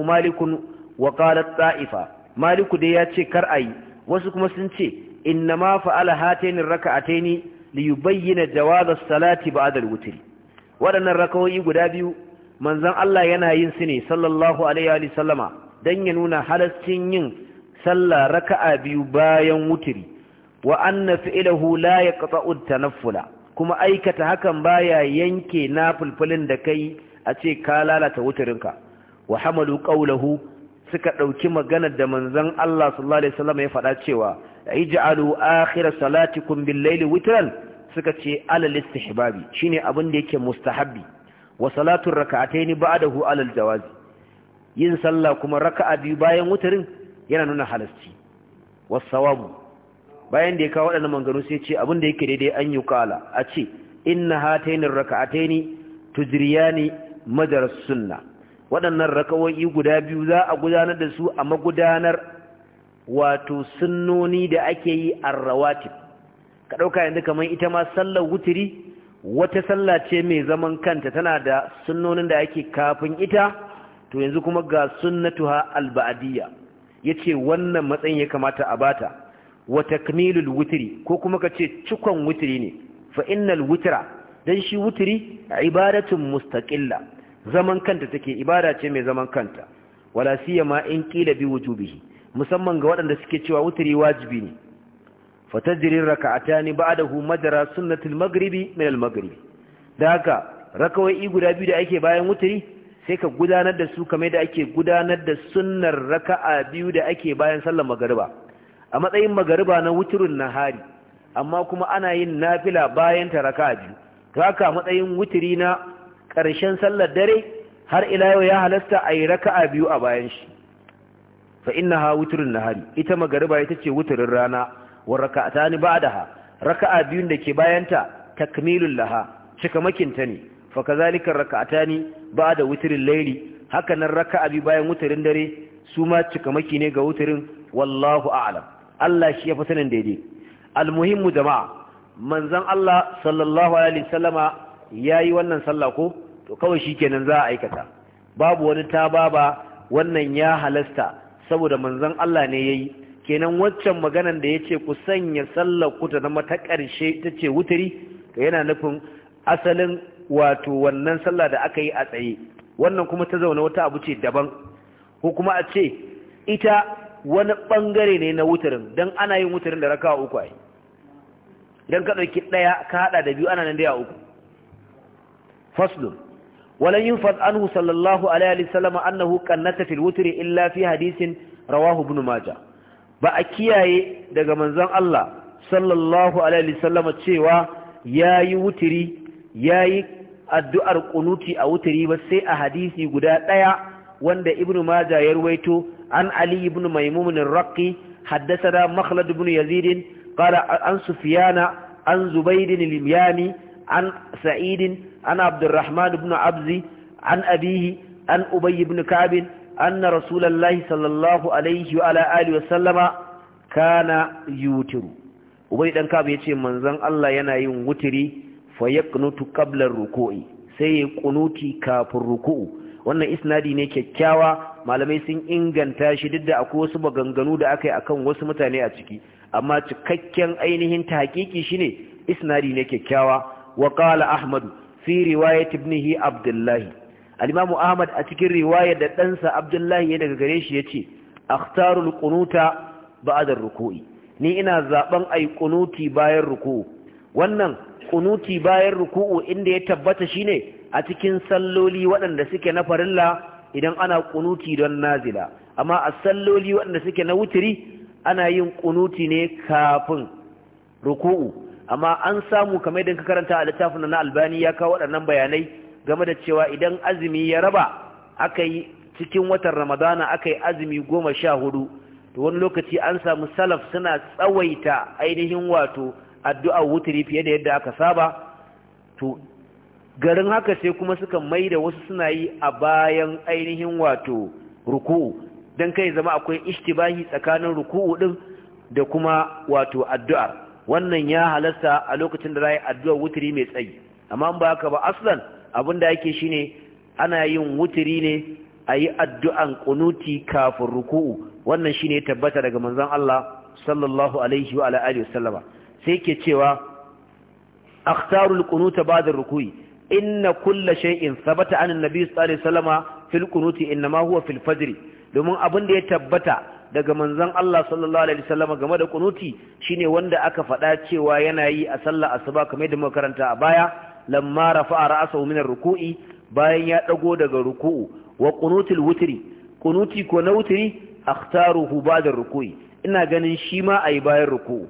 malikun wa qalat ta'ifa maliku dai ya ce kar a yi wasu kuma sun ce innama fa'ala hataini raka'ataini li bayyana jawaz as-salati ba'da al-witr waɗannan rakawoyi guda biyu manzon Allah yana yin su ne sallallahu alaihi wa sallama dan ya nuna halascin yin sallah raka'a biyu bayan wutri wa anna fi'luhu la yaqta'u at-tanaffula kuma aikata hakan baya yanke fulfulin da kai a ce ka lalata wutirinka wa hamalu qawluhu suka ɗauki magana da manzan Allah sallallahu alaihi wasallam ya faɗa cewa ij'alu akhir salatikum bil layli witran suka ce alal istihbabi shine abin da yake mustahabbi wa salatu rak'atayn ba'dahu alal jawazi yin sallah kuma raka'a biyu bayan wutarin yana nuna halasci was sawabu bayan da ya kawo waɗannan manganu sai ce abin da yake daidai an yi kala a ce inna raka'atai rak'atayn tujriyani madar sunnah waɗannan rakawoyi guda biyu za a gudanar da su a magudanar wato sunnoni da ake yi a rawatib ka ɗauka yanzu kamar ita ma sallar wutiri wata sallah ce mai zaman kanta tana da sunnonin da ake kafin ita to yanzu kuma ga sunnatu sunnatuha alba'adiyya yace wannan matsayin ya kamata a bata wa takmilul wuturi ko kuma kace cikon wuturi ne fa innal wutra dan shi a ibadatun mustaqilla zaman kanta take ibada ce mai zaman kanta wala ma in qila bi wujubihi musamman ga waɗanda suke cewa wutri wajibi ne fatajri rak'atani ba'dahu madara sunnatul maghribi min al maghrib da haka rakawai guda biyu da ake bayan wutri sai ka gudanar da su kamar da ake gudanar da sunnar raka'a biyu da ake bayan sallar magariba a matsayin magariba na wutrun nahari amma kuma ana yin nafila bayan ta raka'a biyu haka matsayin wutri na ƙarshen sallar dare har ila yau ya halasta a yi raka'a biyu a bayan shi fa inna ha wuturin nahari ita magariba ita ce wuturin rana wa raka'ata ni ba da ha raka'a biyun da ke bayanta takmilun laha cikamakinta ne fa kazalika raka'ata ni ba da wuturin laili haka nan raka'a biyu bayan wuturin dare su ma cikamaki ne ga wuturin wallahu a'lam Allah shi ya fi sanin daidai almuhimmu jama'a manzon Allah sallallahu alaihi wasallama yayi wannan sallah ko to kawai shikenan za a aikata babu wani ta baba wannan ya halasta saboda manzon Allah ne yayi kenan waccan maganan da yace ku sanya sallar ku ta zama ta tace wutari to yana nufin asalin wato wannan sallah da aka yi a tsaye wannan kuma ta zauna wata abu ce daban ko kuma a ce ita wani bangare ne na wutarin don ana yin wutarin da raka uku ai dan ka dauki ɗaya ka haɗa da biyu ana nan da uku faslun ولن ينفذ عنه صلى الله عليه وسلم أنه قنت في الوتر إلا في حديث رواه ابن ماجه بأكياي دقى منزان الله صلى الله عليه وسلم تشيوا ياي وتري addu'ar ƙunuti a wuturi ba sai a hadisi guda ɗaya wanda ibnu maja ya ruwaito an ali ibnu maimunin raqi haddasa makhlad ibnu yazidin qala an sufyana an zubaidin al-yamani عن سعيد عن عبد الرحمن بن عبزي عن أبيه عن أبي بن كعب أن رسول الله صلى الله عليه وعلى آله وسلم كان يوتر أبي بن كعب يتشي منزن الله ينعين وتري فيقنط قبل الركوع سيقنوتي كاف الركوع wannan isnadi ne kyakkyawa malamai sun inganta shi duk da akwai wasu maganganu da aka yi a kan wasu mutane a ciki amma cikakken ainihin ta shi shine isnadi ne kyakkyawa وقال Ahmadu في fi ابنه عبد الله ahmad a cikin riwayar da ɗansa abdullahi ya daga gare shi yace akhtarul qunuta ba'da ruku'i ni ina zaben ai kunuti bayan ruku'u wannan kunuti bayan ruku'u inda ya tabbata shine a cikin salloli waɗanda suke na farilla idan ana kunuti don nazila amma a salloli waɗanda suke na wutiri ana yin kunuti ne kafin ruku'u amma an samu kamar da ka karanta a littafin na albani ya kawo waɗannan bayanai game da cewa idan azumi ya raba aka yi cikin watan ramadana aka yi azumi goma sha hudu to wani lokaci an samu salaf suna tsawaita ainihin wato addu'a wuturi fiye da yadda aka saba to garin haka sai kuma suka mai da wasu suna yi a bayan ainihin wato ruku'u don kai zama akwai ishtibahi tsakanin ruku'u din da kuma wato addu'ar wannan ya halasta a lokacin da za addu'ar wuturi mai tsayi amma ba haka ba aslan abin da ake shine ana yin wuturi ne a yi addu'an ƙunuti kafin ruku'u wannan shi ne tabbata daga manzan Allah sallallahu alaihi wa wasallama sai ke cewa akhtarul ƙunuta ba da ruku'i inna kulla shai'in sabata anin nabi sallallahu alaihi wasallama fil ƙunuti inna ma huwa fil fajiri domin abin da ya tabbata daga manzon Allah sallallahu alaihi wasallam game da kunuti shine wanda aka faɗa cewa yana yi a sallah asuba kamar da makaranta a baya lamma rafa'a ra'sahu min ruku'i bayan ya dago daga ruku'u wa qunutul wutri kunuti ko na wutri akhtaruhu ba'da ruku'i ina ganin shi ma ayi bayan ruku'u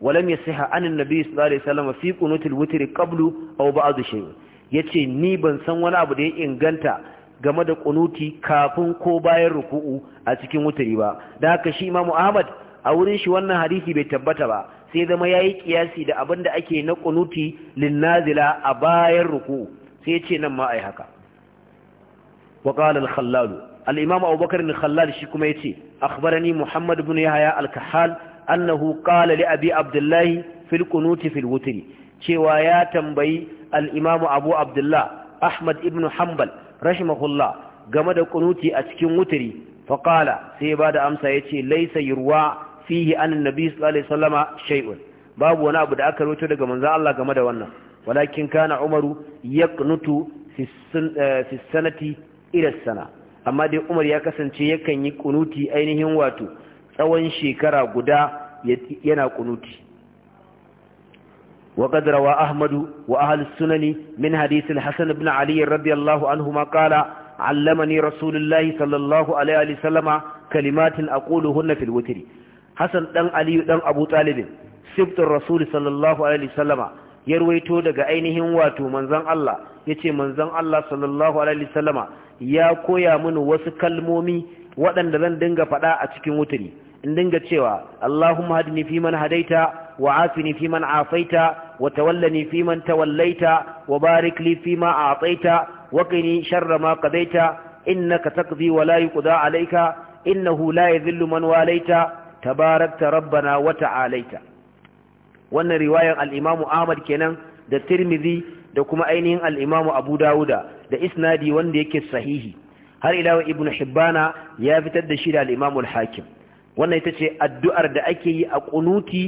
walam yasiha an nabi sallallahu alaihi wasallam fi qunutul wutri qablu aw ba'd shay'in yace ni ban san wani abu da ya inganta game da ƙunuti kafin ko bayan ruku'u a cikin wuturi ba da haka shi imamu ahmad a wurin shi wannan hadisi bai tabbata ba sai zama yayi kiyasi da abin da ake na kunuti linnazila a bayan ruku'u sai ce nan ma ai haka wa qala al abubakar al-khallal shi kuma ya ce. akhbarani muhammad bin yahya al annahu qala li abi abdullahi fil kunuti fil wutri cewa ya tambayi al-imam abu abdullah ahmad ibn hanbal rahimahullah game da kunuti a cikin wuturi faƙala, sai ba da amsa ya yace laisa yurwa fihi an nabi sallallahu alaihi wasallama shay'un babu wani abu da aka rawaito daga manzon Allah game da wannan walakin kana umaru ya eh, fi sanati ila sana amma dai umar ya kasance yakan yi kunuti ainihin wato tsawon shekara guda yana kunuti وقد روى أحمد وأهل السنن من حديث الحسن بن علي رضي الله عنهما قال علمني رسول الله صلى الله عليه وسلم كلمات أقولهن في الوتر حسن دن علي دن أبو طالب سبت الرسول صلى الله عليه وسلم يرويتو daga ainihin wato manzon Allah yace manzon Allah sallallahu alaihi wasallama ya koya mini wasu kalmomi waɗanda zan dinga faɗa a cikin wuturi in dinga cewa Allahumma hadini fi man hadaita wa afini fi man afaita وتولني فيمن توليت وبارك لي فيما أعطيت وقني شر ما قضيت إنك تقضي ولا يقضى عليك إنه لا يذل من واليت تباركت ربنا وتعاليت وأن رواية الإمام أحمد كنان دا الترمذي دا كما أينهم الإمام أبو داود دا إسنادي وان ديك الصحيحي har ilawa ibn hibbana ya fitar da shi da al-imamul hakim wannan ita ce addu'ar da ake yi a kunuti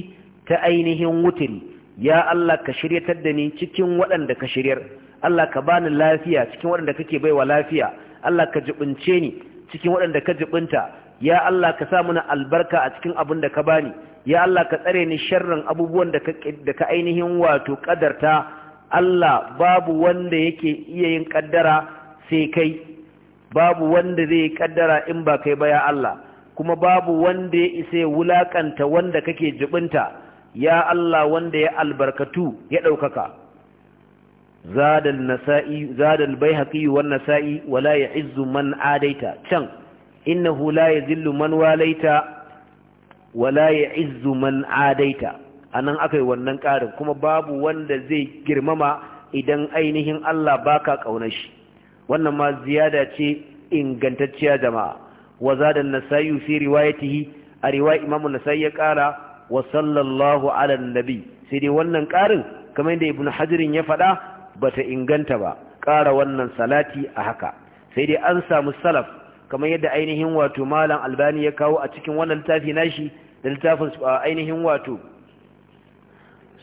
ta ainihin wutiri ya Allah ka shiryatar da ni cikin waɗanda ka shiryar Allah ka bani lafiya cikin waɗanda kake baiwa lafiya Allah ka jibince ni cikin waɗanda ka jibinta ya Allah ka sa mana albarka a cikin abin da ka bani ya Allah ka tsare ni sharrin abubuwan da ka da ka ainihin wato kadarta Allah babu wanda yake iya yin kaddara sai kai babu wanda zai kaddara in ba kai ba ya Allah kuma babu wanda ya isa wulakanta wanda kake jibinta ya Allah wanda ya albarkatu ya ɗaukaka zadal bai zadal wannan sa'i. nasa'i ya izu man adaita can hula la zillu man walaita wala izu man adaita aka akai wannan ƙarin kuma babu wanda zai girmama idan ainihin Allah baka ƙaunar shi wannan ma ziyada ce ingantacciya jama'a wa zadal nasa'i fi riwayatihi a riwayi imamu nasa'i ya ƙara wa sallallahu ala nabi sai dai wannan karin kamar da ibnu hajirin ya faɗa bata inganta ba ƙara wannan salati a haka sai dai an samu salaf kamar yadda ainihin wato malam albani ya kawo a cikin wannan littafi nashi da littafin ainihin wato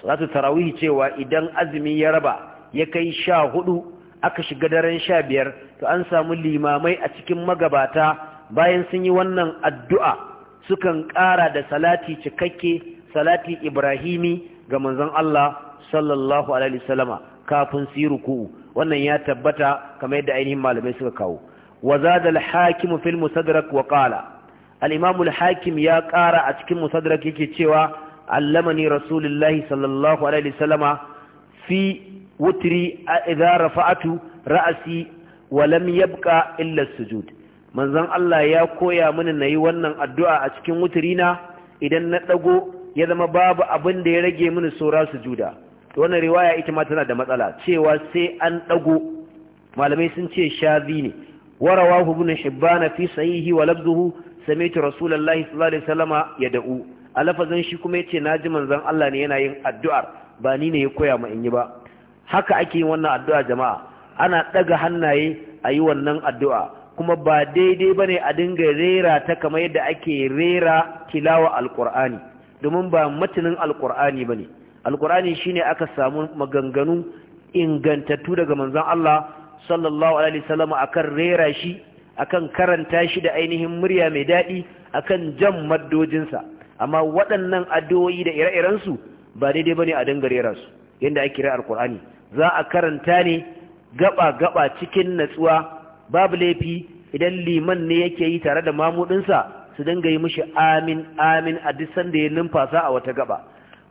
salatu tarawih cewa idan azumi ya raba ya kai sha hudu aka shiga daren sha biyar to an samu limamai a cikin magabata bayan sun yi wannan addu'a sukan ƙara da salati cikakke salati ibrahimi ga manzon Allah sallallahu alaihi wasallama kafin su yi ruku'u wannan ya tabbata kamar yadda ainihin malamai suka kawo wa zada al-hakim fil musadrak wa qala al-imam al-hakim ya ƙara a cikin musadrak yake cewa allamani rasulullahi sallallahu alaihi wasallama fi wutri idza rafa'atu ra'si wa lam yabqa illa as-sujud manzon Allah ya koya mini na yi wannan addu'a a cikin wuturina idan na ɗago ya zama babu abin da ya rage mini saura su juda wannan riwaya ita ma tana da matsala cewa sai an ɗago malamai sun ce shazi ne warawahu ibn hibban fi sahihi wa labduhu sami'tu rasulullahi sallallahu alaihi ya da'u. a lafazin shi kuma na ji manzon Allah ne yana yin addu'ar ba ni ne ya koya ma in yi ba haka ake yin wannan addu'a jama'a ana ɗaga hannaye a yi wannan addu'a kuma ba daidai ba ne a dinga rera ta kamar yadda ake rera tilawa alkur'ani domin ba matanin alkur'ani ba ne alkur'ani shi ne aka samu maganganu ingantattu daga manzan Allah sallallahu alaihi wasallam akan rera shi akan karanta shi da ainihin murya mai daɗi akan jan maddojinsa amma waɗannan addu'o'i da ire-irensu ba daidai ba ne a dinga rera su yadda ake rera alkur'ani za a karanta ne gaba-gaba cikin natsuwa babu laifi idan liman ne yake yi tare da mamudinsa su dinga yi mishi amin amin a duk sanda ya numfasa a wata gaba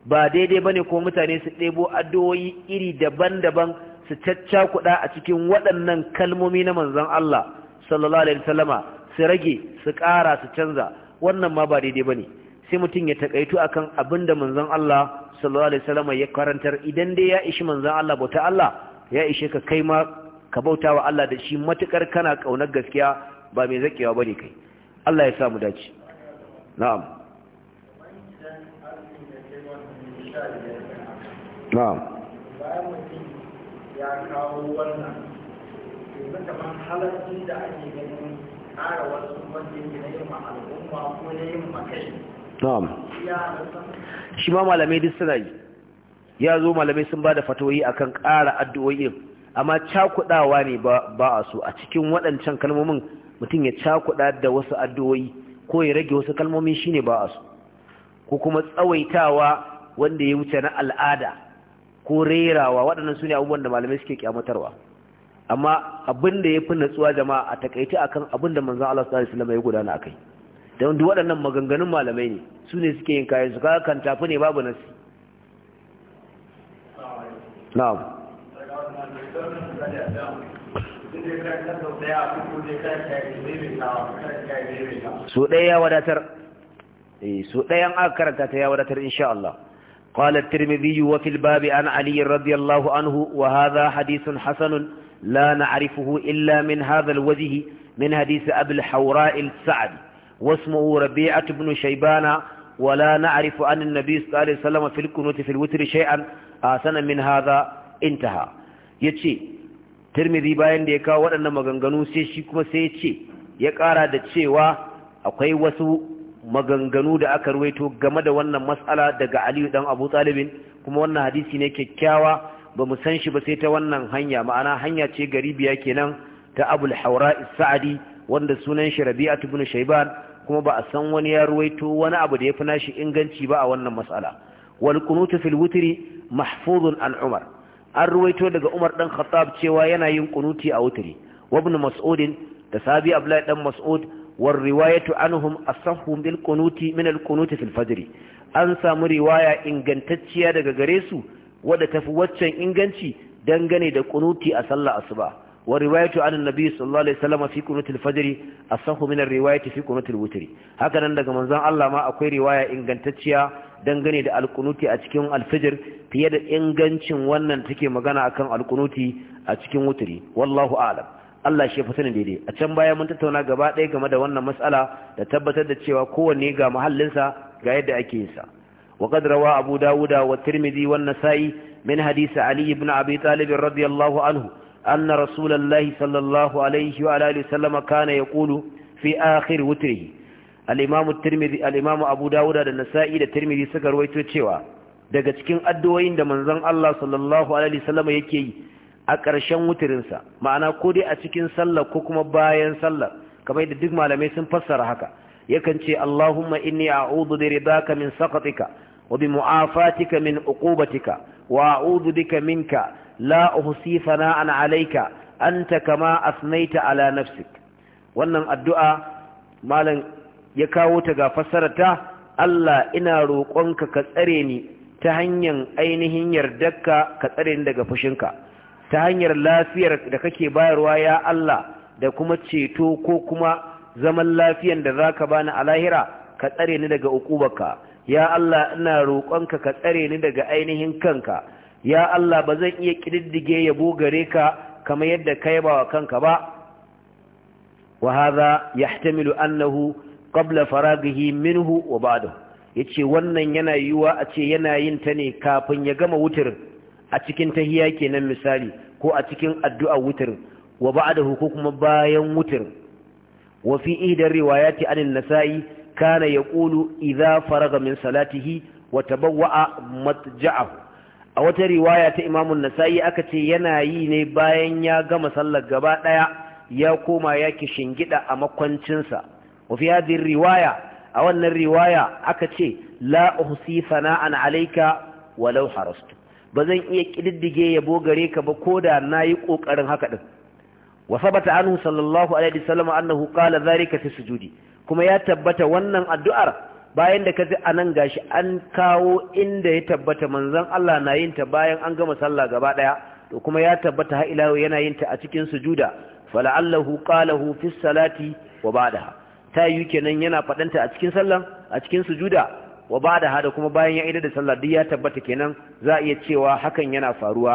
ba daidai bane ko mutane su ɗebo addu'o'i iri daban-daban su cacca kuɗa a cikin waɗannan kalmomi na manzon Allah sallallahu alaihi wasallama su rage su ƙara su canza wannan ma ba daidai bane sai mutum ya takaitu akan abin da manzon Allah sallallahu alaihi wasallama ya karantar idan dai ya ishi manzon Allah bauta Allah ya ishe ka kai ma ka bauta wa Allah da shi matukar kana kaunar gaskiya ba mai zakewa ne kai Allah ya sa mu dace na'am na'am ya kawo wannan shi ma malamai duk suna yi ya zo malamai sun ba da fatoyi akan ƙara addu'o'in amma cakudawa ne ba a so a cikin waɗancan kalmomin mutum ya cakuda da wasu addu'o'i ko ya rage wasu kalmomi shine ba a so ko kuma tsawaitawa wanda ya wuce na al'ada ko rerawa waɗannan su ne abubuwan da malamai suke kyamatarwa amma abin da ya fi natsuwa jama'a a takaice akan abin da manzon Allah sallallahu alaihi wasallam ya gudana akai dan duk waɗannan maganganun malamai ne su ne suke yin kayan su kaga kan tafi ne babu nasi na'am su ɗaya ya wadatar su ɗayan aka karanta ta ya wadatar insha Allah قال الترمذي وفي الباب عن علي رضي الله عنه وهذا حديث حسن لا نعرفه إلا من هذا الوجه من حديث أبي الحوراء السعد واسمه ربيعة بن شيبان ولا نعرف عن النبي صلى الله عليه وسلم في الكنوت في الوتر شيئا آسنا من هذا انتهى يتشي tirmidhi bayan da ya kawo waɗannan maganganu sai shi kuma sai ya ce ya ƙara da cewa akwai wasu maganganu da aka ruwaito game da wannan matsala daga aliyu dan abu talibin kuma wannan hadisi ne kyakkyawa ba mu san shi ba sai ta wannan hanya ma'ana hanya ce garibiya kenan ta abul haura sa'adi wanda sunan shi rabi'atu ibn shayban kuma ba a san wani ya ruwaito wani abu da ya fi nashi inganci ba a wannan matsala wal qunut fil wutri mahfuzun an umar an ruwaito daga Umar dan Khattab cewa yana yin kunuti a wutri wa Mas'udin da sahabi Abdullah dan Mas'ud war riwayatu anhum asahhu bil kunuti min al kunuti fil fajr an samu riwaya ingantacciya daga gare su wadda tafi waccan inganci dangane da kunuti a sallar asuba wa riwayatu an annabi sallallahu alaihi wasallam fi kunut al-fajr asahhu min ar-riwayati fi kunut al-witr haka nan daga manzon Allah ma akwai riwaya ingantacciya dangane da alkunuti a cikin alfijir fiye da ingancin wannan take magana akan alkunuti a cikin wuturi wallahu alam Allah shi fitanin daidai a can baya mun tattauna gaba ɗaya game da wannan matsala da tabbatar da cewa kowanne ga muhallinsa ga yadda ake yin sa wa qad rawa abu dawuda wa tirmidhi wa nasa'i min hadisi ali ibn abi talib radiyallahu anhu anna rasulullahi sallallahu alaihi wa alihi wasallam kana yaqulu fi akhir wutrihi al'imamu abu dawuda da nasa'i da tirmidhi suka ruwaito cewa daga cikin addu'o'in da manzon Allah sallallahu alaihi wasallam yake yi a ƙarshen wutarinsa, ma'ana ko dai a cikin sallar ko kuma bayan sallar kamar yadda duk malamai sun fassara haka yakan ce Allahumma inni a'udhu bi ridaka min saqatika wa bi mu'afatika min uqubatika wa a'udhu bika minka la uhsi fana'an 'alayka anta kama asnaita ala nafsik wannan addu'a malam ya kawo ta ga ta Allah ina roƙonka ka tsare ni ta hanyar ainihin yardarka ka tsare ni daga fushinka ta hanyar lafiyar da kake bayarwa ya Allah da kuma ceto ko kuma zaman lafiyan da zaka bani a lahira ka tsare ni daga uqubarka ya Allah ina roƙonka ka tsare ni daga ainihin kanka ya Allah ba zan iya kididdige yabo gare ka kamar yadda kai ba wa kanka ba wa hadha yahtamilu annahu qabla faragihi minhu wa ba'dahu yace wannan yana yiwa a ce yana yin ta ne kafin ya gama wutar a cikin tahiya kenan misali ko a cikin addu'a wutar wa ba'dahu ko kuma bayan wutar wa fi idan riwayati an nasai kana yaqulu idza faraga min salatihi wa tabawwa'a matja'ahu a wata riwaya ta imamun nasa'i aka ce yana yi ne bayan ya gama sallar gaba ɗaya ya koma ya kishingida a makwancinsa وفي هذه الرواية أو أن الرواية أكتشي لا أحصي فناء عليك ولو حرصت بذن يكددجي يبوغريك بكودا نايق أكرن هكذا وثبت عنه صلى الله عليه وسلم أنه قال ذلك في kuma كما يتبت ونن addu'ar bayan da ka ji a nan gashi an kawo inda ya tabbata manzon Allah na yin ta bayan an gama sallah gaba daya to kuma ya tabbata ha ila yana yin ta a cikin sujuda fala'allahu qalahu fi salati wa ba'daha ta yi kenan yana faɗanta a cikin sallah a cikin sujuda wa ba da hada kuma bayan ya idar da sallah duk ya tabbata kenan za a iya cewa hakan yana faruwa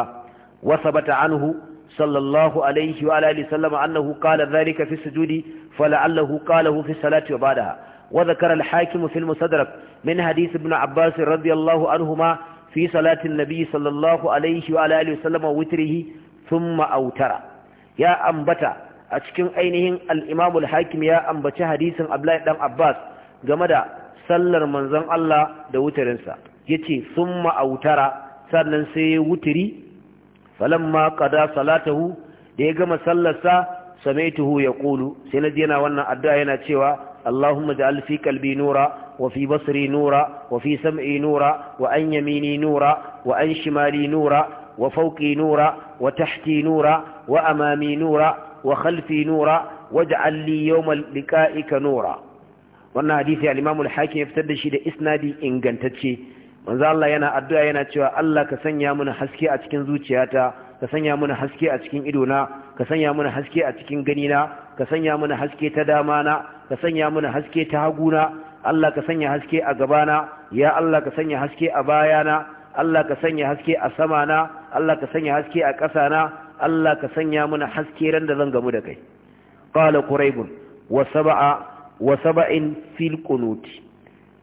wa sabata anhu sallallahu alaihi wa alihi sallama annahu qala dhalika fi sujudi fala'allahu qalahu fi salati wa ba'daha wa dhakara al-hakim fi al-musadrak min hadith ibn abbas radiyallahu anhuma fi salati an-nabi sallallahu alaihi wa alihi sallama witrihi thumma ya ambata a cikin ainihin al hakim ya ambaci hadisin abla dan Abbas game da sallar manzon Allah da wutarinsa ya ce summa autara sannan sai ya wutiri falamma kada, salatahu da ya gama sallarsa ya yaqulu sai naji yana wannan addu'a yana cewa اللهم nura في قلبي نورا وفي wa an yamini nura wa وأن يميني نورا وأن شمالي نورا wa نورا nura نورا وأمامي nura. wa khalfi nura waj'al alli yawmal liqa'ika nura wannan hadisi al-Imam hakim ya fitar da shi da isnadi ingantacce manzo Allah yana addu'a yana cewa Allah ka sanya mana haske a cikin zuciyata ka sanya mana haske a cikin idona ka sanya mana haske a cikin ganina ka sanya mana haske ta dama na ka sanya mana haske ta haguna Allah ka sanya haske a gaba na ya Allah ka sanya haske a baya na Allah ka sanya haske a sama na Allah ka sanya haske a ƙasa na Allah ka sanya mana haske ran da zan gamu da kai qala quraybun wa sab'a wa sab'in fil qunut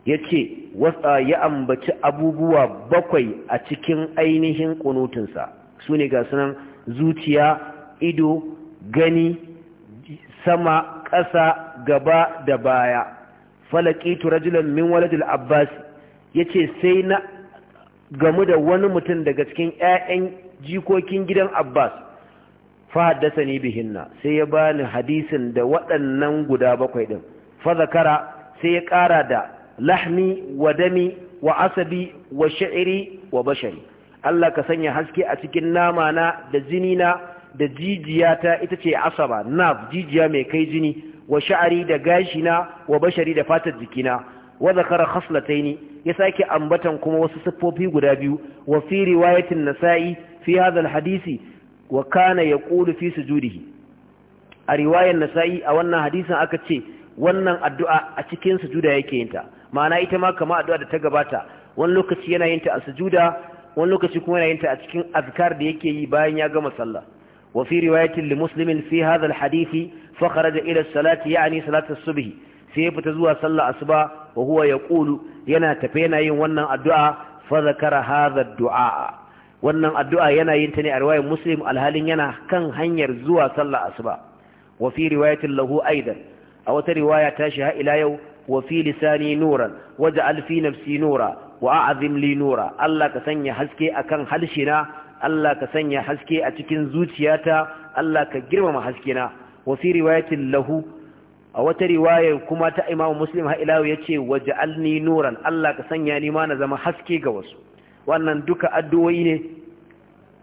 yace wasa ya ambaci abubuwa bakwai a cikin ainihin qunutin sa sune ga sunan zuciya ido gani sama ƙasa gaba da baya falakitu rajulan min waladil abbas yace sai na gamu da wani mutum daga cikin ƴaƴan jikokin gidan abbas fa ni bihinna sai ya bani hadisin da waɗannan guda bakwai din fazakara sai ya ƙara da lahmi wa dami wa asabi wa sha'iri wa bashari Allah ka sanya haske a cikin nama na da jini na da jijiyata ita ce asaba naf jijiya mai kai jini wa sha'ari da gashi na wa bashari da fatar jikina wa zakara khaslataini ya sake ambatan kuma wasu siffofi guda biyu wa fi riwayatin nasa'i fi hadha hadisi wa kana yaqulu fi sujudihi a riwayar nasa'i a wannan hadisin aka ce wannan addu'a a cikin sujuda yake yin ta ma'ana ita ma kama addu'a da ta gabata wani lokaci yana yin ta a sujuda wani lokaci kuma yana yin ta a cikin azkar da yake yi bayan ya gama sallah wa fi riwayatin li muslimin fi hadha al hadisi fa kharaja ila salati ya'ni salatu as-subh sai ya fita zuwa sallah asuba wa huwa yaqulu yana tafe yana yin wannan addu'a fa zakara hadha ad-du'a wannan addu'a yana yin ta ne a riwayar muslim alhalin yana kan hanyar zuwa sallah asuba wa fi riwayatin lahu aidan a wata riwaya ta shi ila yau wa fi lisani nuran waje alfi nafsi nura wa a'azim li nura Allah ka sanya haske akan halshina Allah ka sanya haske a cikin zuciyata Allah ka girmama haske wa fi riwayatin lahu a wata riwayar kuma ta imamu muslim ha ila yau yace waje alni nuran Allah ka sanya ni ma na zama haske ga wasu wannan duka addu'o'i ne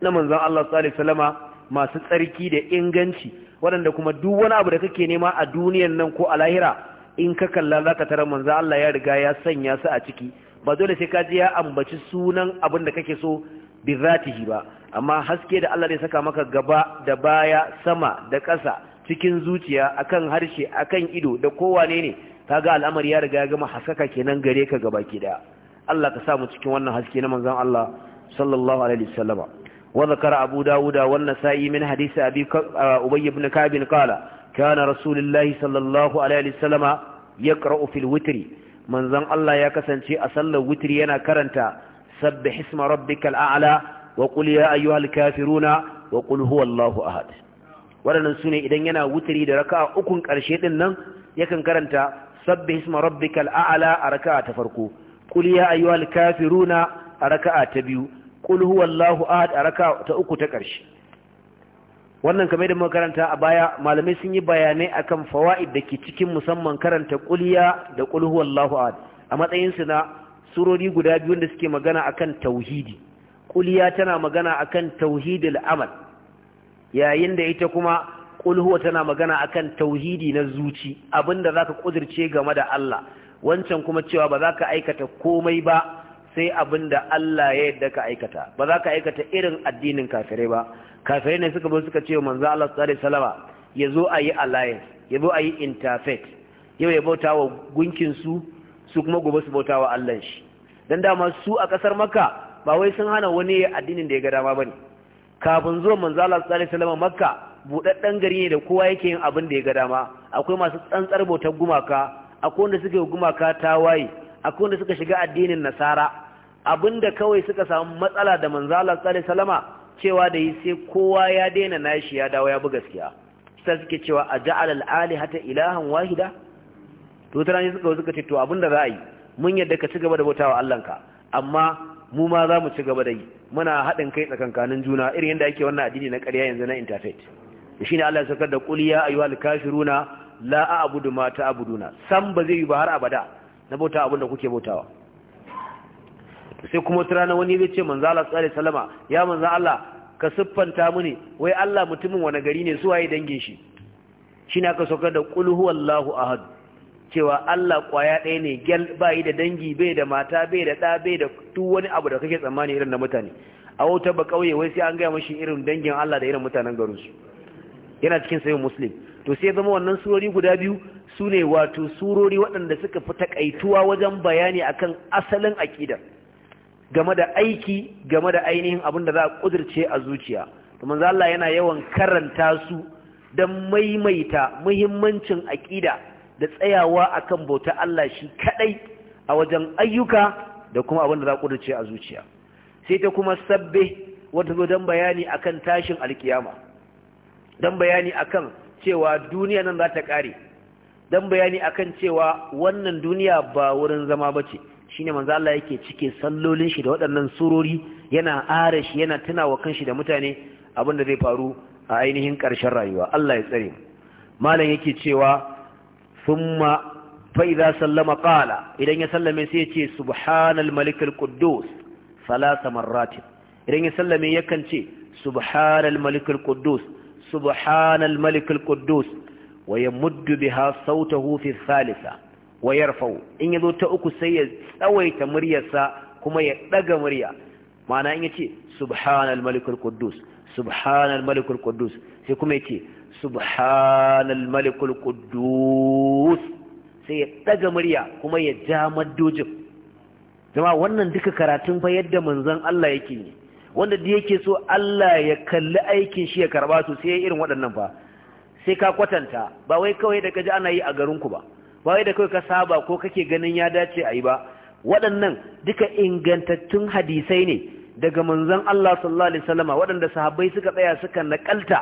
na manzan Allah sallallahu masu tsarki da inganci waɗanda kuma duk wani abu da kake nema a duniyar nan ko a lahira in ka kalla za ka tara manzan Allah ya riga ya sanya su a ciki ba dole sai ka ji ya ambaci sunan abin da kake so bi zatihi ba amma haske da Allah ne saka maka gaba da baya sama da ƙasa cikin zuciya akan harshe akan ido da kowane ne ga al'amari ya riga ya gama haskaka kenan gare ka gaba ki daya Allah ka sa mu cikin wannan haske na manzon Allah sallallahu alaihi wasallama wa zakara abu dawuda wannan sai min hadisi abi uh, ubay ibn ka'b qala kana rasulullahi sallallahu alaihi wasallama yaqra'u fil witri manzon Allah ya kasance a sallar witri yana karanta sabbih isma rabbikal a'la wa qul ya ayyuhal kafiruna wa qul huwallahu ahad waɗannan suna idan yana wuturi da raka'a ukun ƙarshe ɗin nan yakan karanta sabbi hisma rabbikal a'ala a raka'a ta farko qul ya ayyuhal kafiruna a raka'a ta biyu qul huwallahu ahad a raka'a ta uku ta karshe wannan kamar da makaranta a baya malamai sun yi bayanai akan fawaid da ke cikin musamman karanta qul ya da qul huwallahu ahad a matsayin su na surori guda biyu da suke magana akan tauhidi qul ya tana magana akan tauhidil amal yayin da ita kuma qul huwa tana magana akan tauhidi na zuci abinda zaka kudirce game da Allah wancan kuma cewa ba za ka aikata komai ba sai abin da Allah ya yadda ka aikata ba za ka aikata irin addinin kafirai ba kafirai ne suka bi suka ce manzo Allah sallallahu alaihi wasallama ya zo a yi alliance ya zo a yi yau ya bauta wa gunkin su su kuma gobe su bauta wa Allah shi dan dama su a kasar Makka ba wai sun hana wani addinin da ya ga dama bane kafin zuwan manzo Allah sallallahu alaihi wasallama Makka budaddan gari ne da kowa yake yin abin da ya ga dama akwai masu tsantsar bautar gumaka akwai wanda suka yi gumaka tawaye akwai wanda suka shiga addinin nasara abinda kawai suka samu matsala da manzala tsare salama cewa da yi sai kowa ya daina nashi ya dawo ya bi gaskiya sai suke cewa a ja'al al'ali hata ilahan wahida to tana ne suka suka ce to abinda za a yi mun yadda ka ci gaba da bautawa Allahnka amma mu ma za mu ci gaba da yi muna haɗin kai tsakankanin juna irin yadda ake wannan addini na ƙarya yanzu na interfaith shine Allah ya sakar da qul ayyuhal kafiruna la a'budu abu duna san ba zai yi ba har abada na bauta abin da kuke bautawa sai kuma wata wani zai ce manzo Allah sallallahu alaihi ya manza Allah ka siffanta mini wai Allah mutumin wani gari ne su waye dangin shi shine aka saukar da qul huwallahu ahad cewa Allah kwaya ɗaya ne gel bai da dangi bai da mata bai da ɗa bai da duk wani abu da kake tsammani irin da mutane a wata ba kauye wai sai an gaya mashi irin dangin Allah da irin mutanen garin yana cikin sayin muslim to sai zama wannan surori guda biyu su ne wato surori waɗanda suka fi taƙaituwa wajen bayani akan asalin aƙidar game da aiki game da ainihin abin da za a ƙudurce a zuciya to manzo Allah yana yawan karanta su don maimaita muhimmancin aƙida da tsayawa akan bauta Allah shi kaɗai a wajen ayyuka da kuma abin da za a ƙudurce a zuciya sai ta kuma sabbe wata zo don bayani akan tashin alkiyama don bayani akan cewa duniya nan za ta ƙare don bayani akan cewa wannan duniya ba wurin zama ba ce shi ne manzo Allah yake cike sallolin shi da waɗannan surori yana ara shi yana tuna wa shi da mutane abin da zai faru a ainihin ƙarshen rayuwa Allah ya tsare malam yake cewa thumma fa idza sallama qala idan ya sallame sai ya ce subhanal malikul quddus salasa marratin idan ya sallame yakan ce subhanal malikul quddus سبحان الملك القدوس ويمد بها صوته في الثالثة ويرفع إن يذو تأكو سيد سويت مريسا كما يدق مريا معنى إن يتي سبحان الملك القدوس سبحان الملك القدوس سيكم يتي سبحان الملك القدوس سيدق مريا كما يجامد دوجب جماعة وانا ندك كراتن فيد منزان الله يكيني wanda da yake so Allah ya kalli aikin shi ya karba su sai irin waɗannan ba sai ka kwatanta ba wai kawai da kaji ana yi a garinku ba ba wai da kawai ka saba ko kake ganin ya dace ayi ba waɗannan duka ingantattun hadisai ne daga manzon Allah sallallahu alaihi wasallama waɗanda sahabbai suka tsaya suka nakalta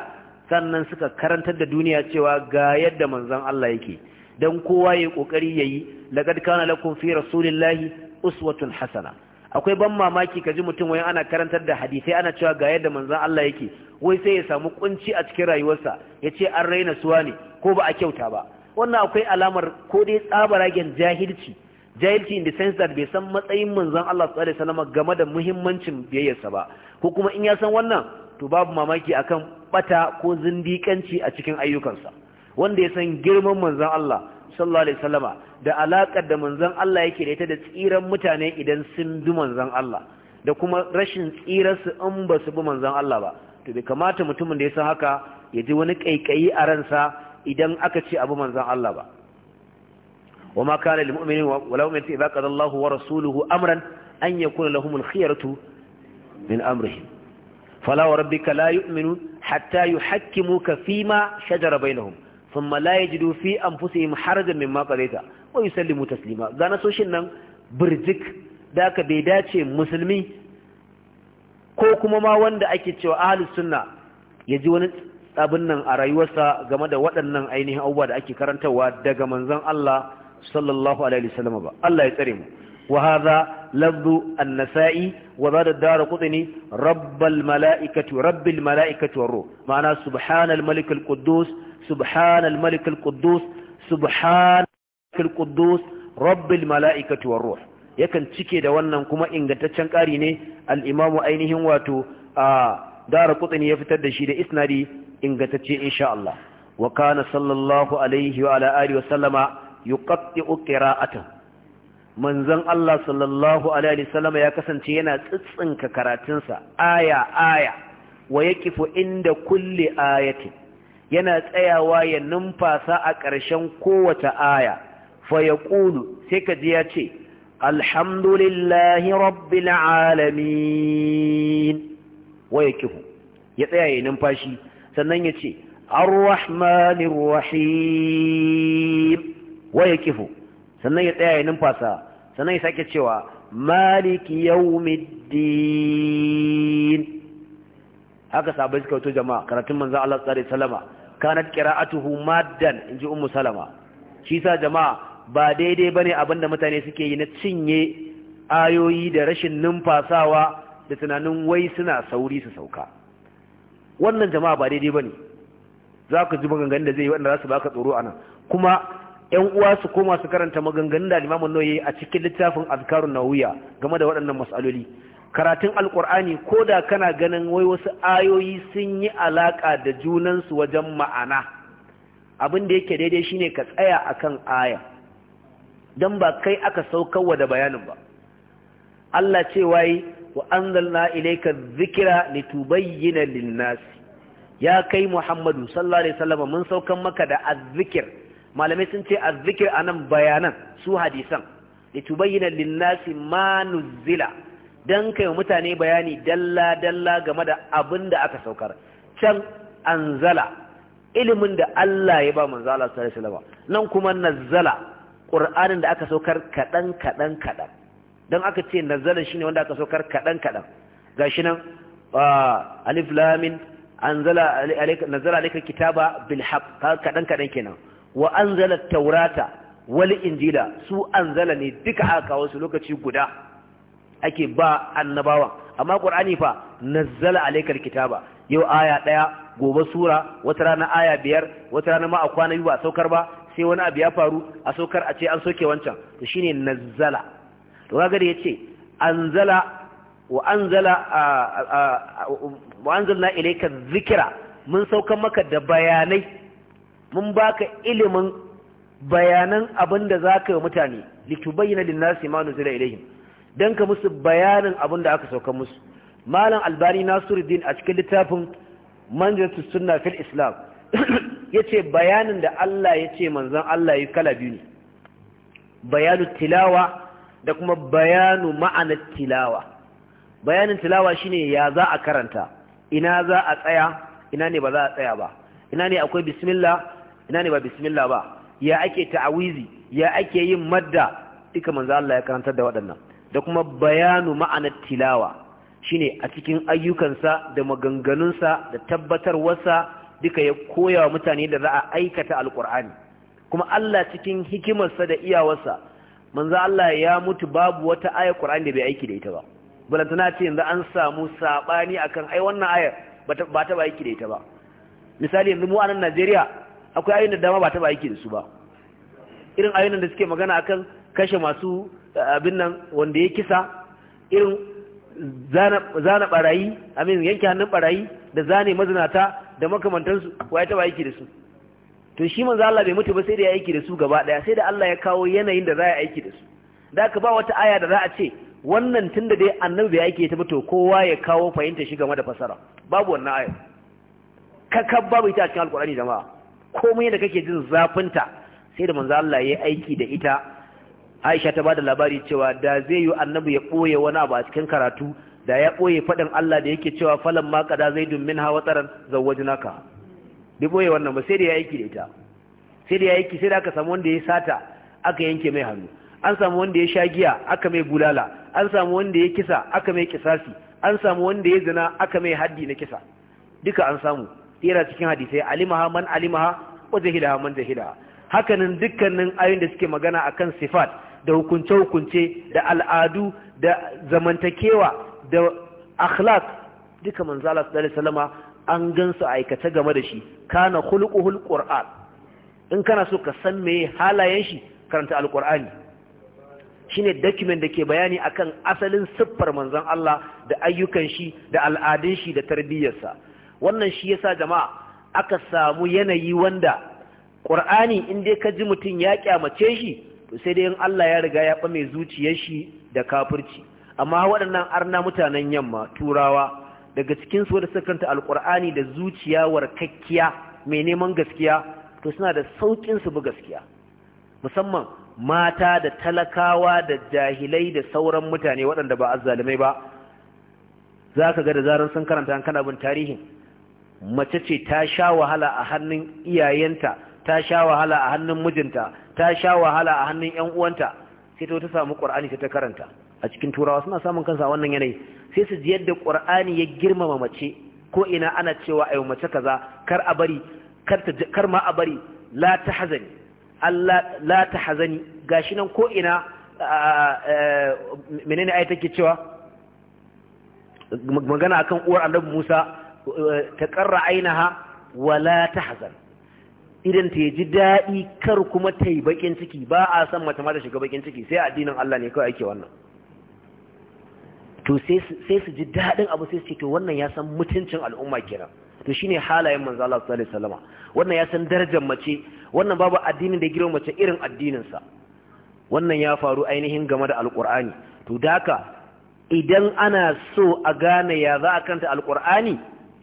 sannan suka karantar da duniya cewa ga yadda manzon Allah yake dan kowa ya kokari yayi laqad kana lakum fi rasulillahi uswatun hasana akwai ban mamaki ka ji mutum wai ana karantar da hadisai ana cewa ga yadda manzon Allah yake wai sai ya samu kunci a cikin rayuwarsa ya ce an raina suwa ne ko ba a kyauta ba wannan akwai alamar ko dai tsabaragen jahilci jahilci in the sense that bai san matsayin manzon Allah sallallahu alaihi wasallam game da muhimmancin biyayyarsa ba ko kuma in ya san wannan to babu mamaki akan bata ko zindikanci a cikin ayyukansa wanda ya san girman manzon Allah sallallahu alaihi sallama da alaƙa da manzon Allah yake da ita da tsiran mutane idan sun bi manzon Allah da kuma rashin tsirarsu in basu bi manzon Allah ba to bai kamata mutumin da ya san haka ya ji wani ƙaiƙayi a ransa idan aka ce abu manzon Allah ba wa ma kana lil mu'minin wa law yati ba qad Allahu wa rasuluhu amran an yakuna lahum al min amrihim fala wa rabbika la yu'minu hatta yuhakkimuka fima shajara bainahum thumma la yajidu fi anfusihim harajan mimma qadaita wa yusallimu taslima ga nasoshin nan birjik da ka bai dace musulmi ko kuma ma wanda ake cewa ahlus sunna ya ji wani abin nan a rayuwarsa game da waɗannan ainihin abubuwa da ake karantarwa daga manzon Allah sallallahu alaihi wasallam ba Allah ya tsare mu wa hadha lafzu an-nasa'i wa zada ad-darqutni rabbal mala'ikatu rabbil war ruh ma'ana subhanal malik al-quddus سبحان الملك القدوس سبحان القدوس رب الملائكة والروح yakan cike da wannan kuma ingantaccen ƙari ne al'imamu ainihin wato a dara kutsini ya fitar da shi da isnadi ingantacce insha Allah wa kana sallallahu alaihi wa ala wa sallama yuqatti'u qira'atan manzon Allah sallallahu alaihi wa sallama ya kasance yana tsintsinka karatunsa aya aya wa yaqifu inda kulli ayatin yana tsayawa ya numfasa a ƙarshen kowace aya fa ya ƙulu sai ka ji ya ce alhamdulillahi rabbil alamin waya kihu ya tsaya ya numfashi sannan ya ce arrahmanir rahim waya kihu sannan ya tsaya ya numfasa sannan ya sake cewa maliki yawmiddin haka sabai suka wato jama'a karatun manzo Allah sallallahu alaihi wasallama kanat qira'atuhu maddan inji ummu salama shi sa jama'a ba daidai bane abinda mutane suke yi na cinye ayoyi da rashin numfasawa da tunanin wai suna sauri su sauka wannan jama'a ba daidai bane za ku ji maganganun da zai yi wanda za su baka tsoro a nan. kuma ‘yan uwa su koma su karanta maganganun da limamin noye a cikin littafin azkarun nawiya game da waɗannan matsaloli karatun alkur'ani ko da kana ganin wai wasu ayoyi sun yi alaƙa da junansu wajen ma'ana abin da yake daidai shine ka tsaya akan aya don ba kai aka saukarwa da bayanin ba Allah ce wai wa anzalna ilayka dhikra litubayyana lin-nas ya kai Muhammadu sallallahu alaihi mun saukan maka da azzikir malamai sun ce azzikir nan bayanan su hadisan litubayyana lin-nas ma nuzila don kai mutane bayani dalla-dalla game da abin da aka saukar can anzala ilimin da Allah ya ba manzo Allah sallallahu alaihi wasallam nan kuma nazzala qur'anin da aka saukar kadan kadan kadan dan aka ce nazzala shine wanda aka saukar kadan kadan gashi nan alif lam min anzala alayka nazzala alayka kitaba bil haqq kadan kadan kenan wa anzala taurata wal injila su anzala ne duka aka kawo su lokaci guda ake ba annabawa amma qur'ani fa nazzala alaikal kitaba yau aya daya gobe sura wata rana aya biyar wata rana ma a kwana biyu ba saukar ba sai wani abu ya faru a saukar a ce an soke wancan to shine nazzala to kaga da yace anzala wa anzala wa anzalna ilayka dhikra mun saukar maka da bayanai mun baka ilimin bayanan abin da zaka yi mutane litubayyana lin-nasi ma nuzila ilayhim Dan ka musu bayanin abin da aka sauka musu malam albani nasiruddin a cikin littafin manjatu sunna fil islam ya ce bayanin da allah ya ce allah yi kala biyu ne bayanu tilawa da kuma bayanu ma'anar tilawa bayanin tilawa shine ya za a karanta ina za a tsaya ina ne ba za a tsaya ba ina ne akwai bismillah ina ne ba bismillah ba ya ake ta'awizi ya ake yin madda duka manzo Allah ya karantar da waɗannan da kuma bayanu ma'anar tilawa shine a cikin ayyukansa da maganganunsa da tabbatarwarsa duka ya koya wa mutane da za a aikata alkur'ani kuma Allah cikin hikimarsa da iyawarsa manzo Allah ya mutu babu wata aya Qur'ani da bai aiki da ita ba balantana ce yanzu an samu sabani akan ai wannan ayar ba ta ba aiki da ita ba misali yanzu mu a nan Najeriya akwai ayoyin da dama ba ta ba aiki da su ba irin ayoyin da suke magana akan kashe masu eh, abin nan wanda ya kisa irin zana barayi amin yanke hannun barayi da zane mazinata da makamantansu wa ya taba aiki da su to shi manzo Allah bai mutu ba sai da ya aiki da su gaba daya sai da Allah ya kawo yanayin da za ya aiki da su da ka ba wata aya da za a ce wannan tunda dai annabi bai aiki ta ba kowa ya kawo fahimta shi game da fasara babu wannan aya kan babu ita a cikin alkur'ani jama'a komai da kake jin zafinta sai da manzo Allah ya aiki da ita aisha ta bada labari cewa da zai yi annabi ya ɓoye wani abu a cikin karatu da ya ɓoye faɗin Allah da yake cewa falan ma kada zai dummin hawa tsaron naka. Bi ɓoye wannan ba sai da ya aiki da ita sai da ya aiki sai da aka samu wanda ya sata aka yanke mai hannu an samu wanda ya sha giya aka mai bulala an samu wanda ya kisa aka mai kisasi an samu wanda ya zina aka mai haddi na kisa duka an samu Tera cikin hadisai alimaha man alimaha wa zahidaha man zahidaha hakanan dukkanin ayoyin da suke magana akan sifat da hukunce-hukunce da al'adu da zamantakewa da akhlaq duka manzo Allah sallallahu alaihi wasallama an gansu aikace game da shi kana khuluquhul qur'an in kana so ka san meye halayen shi karanta alqur'ani shine document da ke bayani akan asalin siffar manzon Allah da ayyukan shi da al'adun shi da tarbiyyarsa wannan shi yasa jama'a aka samu yanayi wanda qur'ani in dai ka ji mutun ya kyamace shi to sai dai in Allah ya riga ya ɓame zuciyar shi da kafirci amma waɗannan arna mutanen yamma turawa daga cikin su da suka kanta alƙur'ani da zuciya warkakkiya mai neman gaskiya to suna da sauƙin su bi gaskiya musamman mata da talakawa da jahilai da sauran mutane waɗanda ba azzalumai ba za ka ga da zarar sun karanta kana bin tarihin mace ce ta sha wahala a hannun iyayenta ta sha wahala a hannun mijinta ta sha wahala a hannun ƴan uwanta sai ta samu Qur'ani ta karanta a cikin turawa suna samun kansa wannan yanayi sai su ji yadda Qur'ani ya girmama mace ko ina ana cewa ayo mace kaza kar a bari kar ta kar ma a bari la tahzani Allah la tahzani gashi nan ko ina menene ai take cewa magana akan uwar Annabi Musa ta qarra ainaha wala tahzan idan ta ji daɗi kar kuma ta yi baƙin ciki ba a san mace ma shiga baƙin ciki sai addinin Allah ne kawai ake wannan to sai su ji daɗin abu sai su ce to wannan ya san mutuncin al'umma kenan to shine halayen manzo Allah sallallahu alaihi wasallama wannan ya san darajar mace wannan babu addinin da girma mace irin addinin sa wannan ya faru ainihin game da alqur'ani to da daka idan ana so a gane ya za a kanta alqur'ani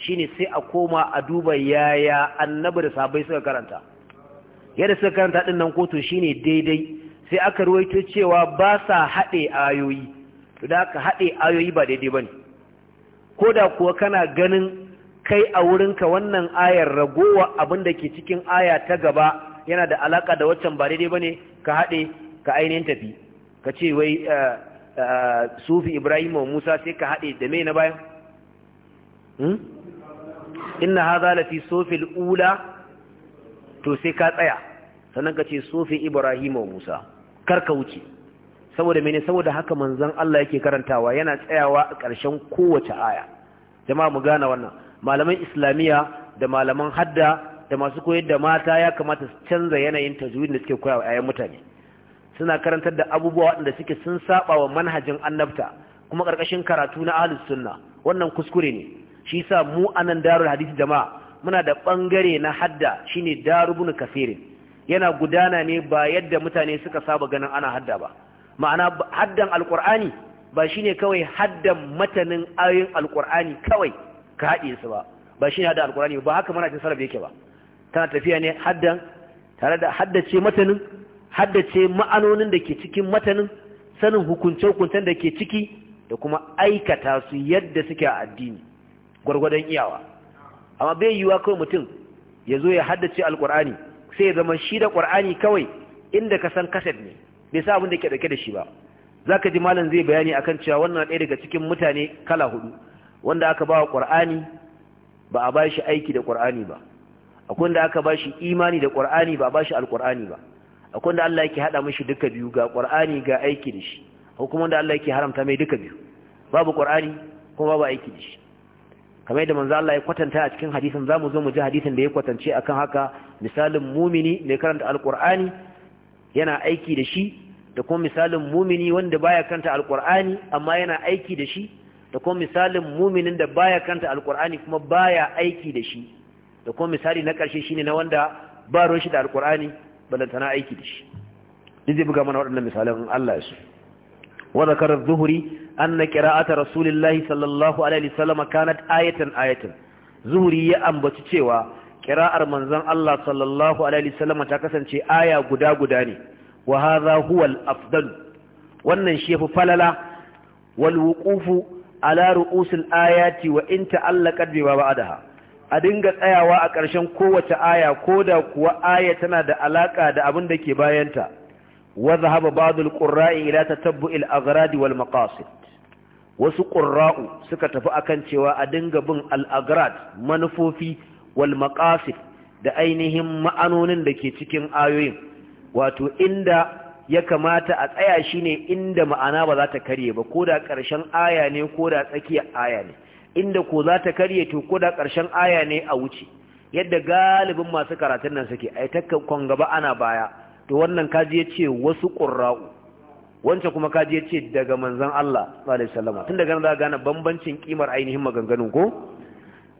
shine sai a koma a duba yaya annabi da sahabbai suka karanta yadda suka karanta din nan shi shine daidai sai aka ruwaito cewa ba sa haɗe ayoyi to da aka haɗe ayoyi ba daidai bane ko da kuwa kana ganin kai a wurinka wannan ayar ragowa abin da ke cikin aya ta gaba yana da alaka da waccan ba daidai bane ka haɗe ka ainihin tafi ka ce wai eh, eh, sufi ibrahim wa musa sai ka haɗe da mai na bayan hmm? inna hadha la fi sufil ula to sai ka tsaya sannan ka ce sofi ibrahim wa musa kar ka wuce saboda mene saboda haka manzon Allah yake karantawa yana tsayawa a ƙarshen kowace aya jama'a mu gane wannan malaman islamiya da malaman hadda da masu koyar da mata ya kamata su canza yanayin tajwid da suke koyawa ayan mutane suna karantar da abubuwa waɗanda suke sun saba wa manhajin annabta kuma ƙarƙashin karatu na ahlus sunna wannan kuskure ne shi sa mu anan darul hadisi jama'a muna da bangare na hadda shine darubun kafirin yana gudana ne ba yadda mutane suka saba ganin ana hadda ba ma'ana haddan alqur'ani ba shine kawai haddan matanin ayoyin alqur'ani kawai ka haɗe su ba ba shine haddan alqur'ani ba haka cin sarraf yake ba tana tafiya ne haddan tare da haddace matanin haddace ma'anonin da ke cikin matanin sanin hukunce-hukuncen da ke ciki da kuma aikata su yadda suke a addini gwargwadon iyawa amma bai yiwuwa kawai mutum ya zo ya haddace alkur'ani sai ya zama shi da qur'ani kawai inda ka san kaset ne bai sa abin da ke dauke da shi ba zaka ji malam zai bayani akan cewa wannan ɗaya daga cikin mutane kala hudu wanda aka ba wa qur'ani ba a ba shi aiki da qur'ani ba akwai wanda aka ba shi imani da qur'ani ba a ba shi alqur'ani ba akwai wanda Allah yake hada mishi duka biyu ga qur'ani ga aiki da shi ko kuma wanda Allah yake haramta mai duka biyu babu qur'ani kuma babu aiki da shi kamar yadda manzo Allah ya kwatanta a cikin hadisin zamu zo mu ji hadisin da ya kwatance akan haka misalin mumini mai karanta alqur'ani yana aiki da shi da kuma misalin mumini wanda baya karanta alqur'ani amma yana aiki da shi da kuma misalin muminin da baya karanta alqur'ani kuma baya aiki da shi da kuma misali na karshe shine na wanda ba ruwan shi da alqur'ani balantana aiki da shi duk zai buga mana waɗannan misalan Allah ya su wa zakara zuhuri anna qira'ata rasulillahi sallallahu alaihi wasallam kanat ayatan ayatan zuhuri ya ambaci cewa qira'ar manzon Allah sallallahu alaihi wasallam ta kasance aya guda guda ne wa hadha huwa wannan shi fi falala wal wuqufu ala ru'usil ayati wa Allah ta'allaqat bi ba'daha a dinga tsayawa a ƙarshen kowace aya ko da kuwa aya tana da alaƙa da abin da ke bayanta wadda haɓa ba da ƙurra'i ila ta tabbu il-agharadi wal maƙasir wasu ƙurra'u suka tafi akan cewa a dinga bin al'agrat manufofi wal maƙasif da ainihin ma'anonin da ke cikin ayoyin wato inda ya kamata a tsaya shine inda ma'ana ba za ta karye ba ko da ƙarshen aya ne ko da tsakiyar aya ne inda ko za ta karye to ko da ƙarshen aya ne a wuce yadda galibin masu karatun nan suke ai takkan gaba ana baya to wannan kaji ya ce wasu ƙurra'u wance kuma kaji ya ce daga manzan Allah sallallahu tun daga nan za gane bambancin kimar ainihin maganganun ko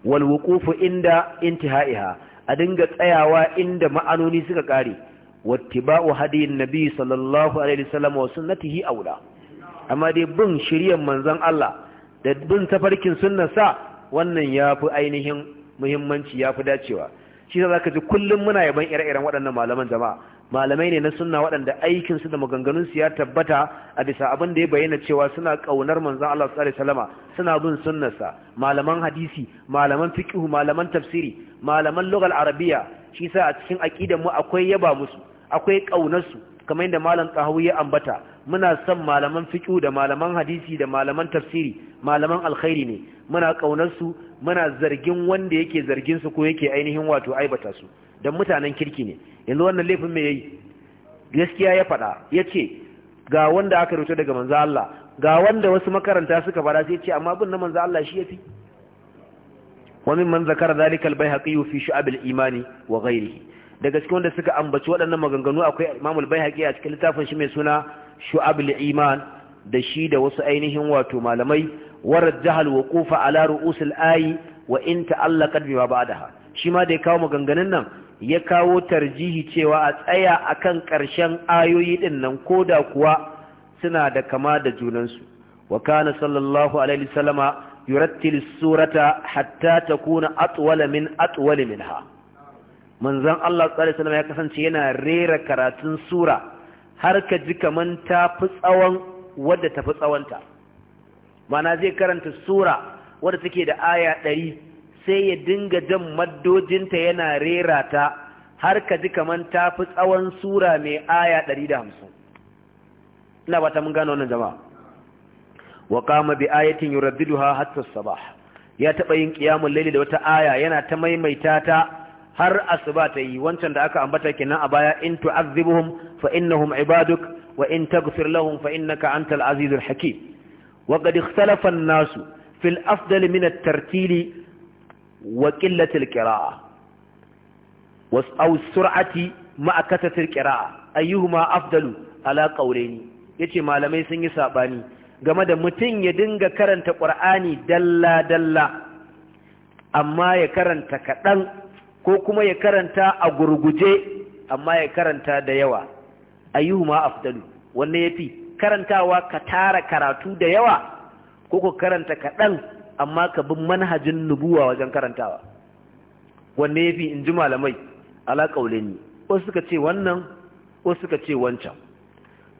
wal wuqufu inda intihaiha a dinga tsayawa inda ma'anoni suka kare wattiba'u hadiyin nabi sallallahu alaihi wasallam wa sunnatihi aula amma dai bin shiryan manzan Allah da bin tafarkin sa wannan yafi ainihin muhimmanci yafi dacewa shi za ka ji kullum muna yaban ire-iren waɗannan malaman jama'a malamai ne na sunna waɗanda aikinsu da maganganun su ya tabbata a bisa abin da ya bayyana cewa suna ƙaunar manzon Allah sallallahu alaihi suna bin sunnarsa malaman hadisi malaman fiqh malaman tafsiri malaman lugal arabiya shi sa a cikin aqidar mu akwai yaba musu akwai ƙaunar su kamar yadda malam tahawi ya ambata muna son malaman fiqh da malaman hadisi da malaman tafsiri malaman alkhairi ne muna ƙaunar su muna zargin wanda yake zargin su ko yake ainihin wato aibata su don mutanen kirki ne yanzu wannan laifin mai yayi gaskiya ya faɗa ya ce ga wanda aka rute daga manzo Allah ga wanda wasu makaranta suka faɗa sai ce amma bin na manzo Allah shi yafi wa man zakara zalika al fi shu'ab al-imani wa ghayrihi daga cikin wanda suka ambaci waɗannan maganganu akwai Imam al-Baihaqi a cikin littafin shi mai suna Shu'ab al-Iman da shi da wasu ainihin wato malamai warad jahal wuqufa ala ru'us al-ayi wa in ta'allaqat bi ba'daha shi ma da ya kawo maganganun nan ya kawo tarjihi cewa a tsaya akan ƙarshen ayoyi ɗin nan ko da kuwa suna da kama da junansu wa kana sallallahu alaihi salama yurattil surata hatta takuna atwala min atwali minha manzon Allah sallallahu alaihi ya kasance yana rera karatun sura har ka ji kaman ta fi tsawon wadda ta fi tsawonta mana zai karanta sura wadda take da aya ɗari sai ya dinga jan maddojinta yana rera ta har ka ji kaman ta fi tsawon sura mai aya 150 ina ba ta mun gano wannan jama'a wa qama bi ayatin yuraddiduha hatta sabah ya taba yin qiyamul layli da wata aya yana ta maimaita ta har asuba ta yi wancan da aka ambata kenan a baya in tu'azzibuhum fa innahum ibaduk wa in taghfir lahum fa innaka antal azizul hakim wa qad ikhtalafa an-nasu fil afdal min at-tartili wa qillatil qira'a was aw sur'ati ma'a kasatil qira'a ayyuhuma afdalu ala Ya yace malamai sun yi saɓani. game da mutum ya dinga karanta qur'ani dalla dalla amma ya karanta kadan ko kuma ya karanta a gurguje amma ya karanta da yawa ayyuhuma afdalu wanne yafi karantawa ka tara karatu da yawa ko ku karanta kaɗan? amma ka bi manhajin nubuwa wajen karantawa wanne fi in ji malamai ala qaulani wasu suka ce wannan wasu suka ce wancan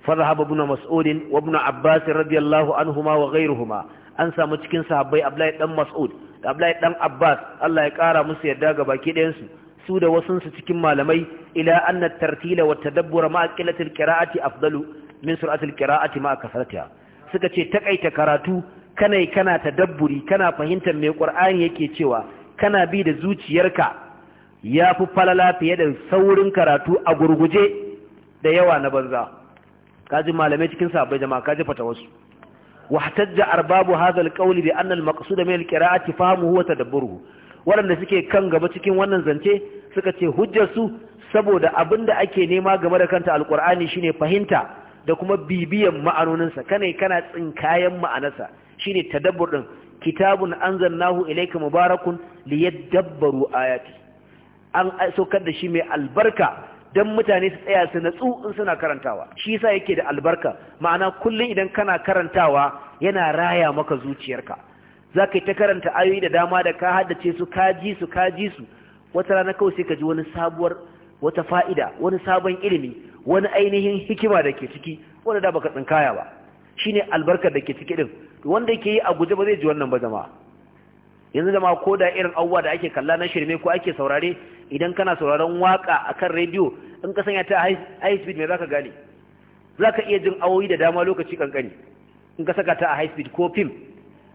fadhhab ibn mas'ud wa ibn abbas radiyallahu anhuma wa ghayruhuma an samu cikin sahabbai abdullahi dan mas'ud da abdullahi dan abbas Allah ya kara musu yadda ga baki ɗayan su su da wasun su cikin malamai ila anna tartila wa tadabbura ma qillatil qira'ati afdalu min sur'atil qira'ati ma kasratiha suka ce takaita karatu kana kana dabburi kana fahimtar me qur'ani yake cewa kana bi da zuciyarka yafi falala fiye da saurin karatu a gurguje da yawa na banza kaji malamai cikin sabai jama'a kaji fata wasu wahtajja arbabu hadha alqawl bi anna almaqsud min alqira'ati fahmuhu wa tadabburuhu waɗanda suke kan gaba cikin wannan zance suka ce hujjar su saboda abin da ake nema game da kanta alkur'ani shine fahimta da kuma bibiyan ma'anoninsa kana kana tsinkayen ma'anarsa shine tadabbur din kitabun anzalnahu ilayka mubarakun liyadabbaru ayati an saukar da shi mai albarka dan mutane su tsaya su natsu in suna karantawa shi yasa yake da albarka ma'ana kullun idan kana karantawa yana raya maka zuciyarka zaka yi ta karanta ayoyi da dama da ka haddace su ka ji su ka ji su wata rana kawai sai ka ji wani sabuwar wata fa'ida wani sabon ilimi wani ainihin hikima da ke ciki wanda da baka tsinkaya ba shine albarkar da ke ciki din wanda yake yi a guje ba zai ji wannan ba jama'a yanzu jama'a ko da irin abubuwa da ake kalla na shirme ko ake saurare idan kana sauraron waka akan rediyo in ka sanya ta a high speed me zaka gane ka iya jin awoyi da dama lokaci kankani in ka saka ta a high speed ko film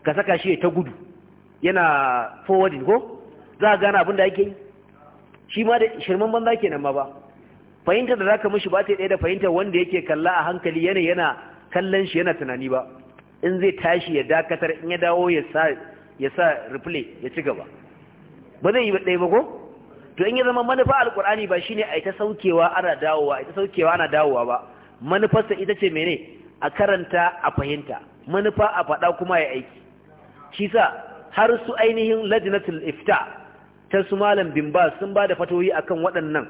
ka saka shi ta gudu yana forwarding ko za ka gane abin da ake yi shi ma da shirman banza kenan ma ba fahimtar da zaka mishi ba ta ɗaya da fahimtar wanda yake kalla a hankali yana yana kallon shi yana tunani ba in zai tashi ya dakatar in ya dawo ya sa ya ya ci gaba ba zai yi ba ɗaya ba ko to in ya zama manufa alkur'ani ba shine a ita saukewa ana dawowa ita saukewa ana dawowa ba manufarsa ita ce mene a karanta a fahimta manufa a faɗa kuma ya aiki shi sa har su ainihin lajinatul ifta ta su malam bimba sun ba da fatoyi akan waɗannan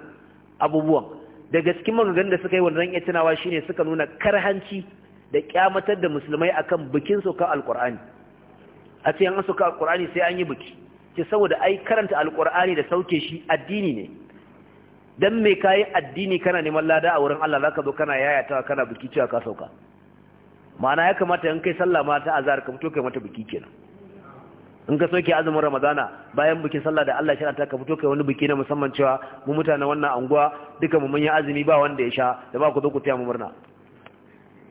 abubuwan daga cikin maganganun da suka yi wannan ya tunawa shine suka nuna karhanci da kyamatar da musulmai akan bikin sauka alkur'ani a ce an sauka alkur'ani sai an yi biki ce saboda ai karanta alkur'ani da sauke shi addini ne Don me kayi addini kana neman lada a wurin Allah zaka zo kana yayata, kana biki cewa ka sauka ma'ana ya kamata in kai sallah ma ta ka fito kai mata biki kenan in ka soke azumin ramadana bayan bikin sallah da Allah shirata ka fito kai wani biki na musamman cewa mu mutanen wannan anguwa duka mu manyan azumi ba wanda ya sha da ba ku zo ku taya mu murna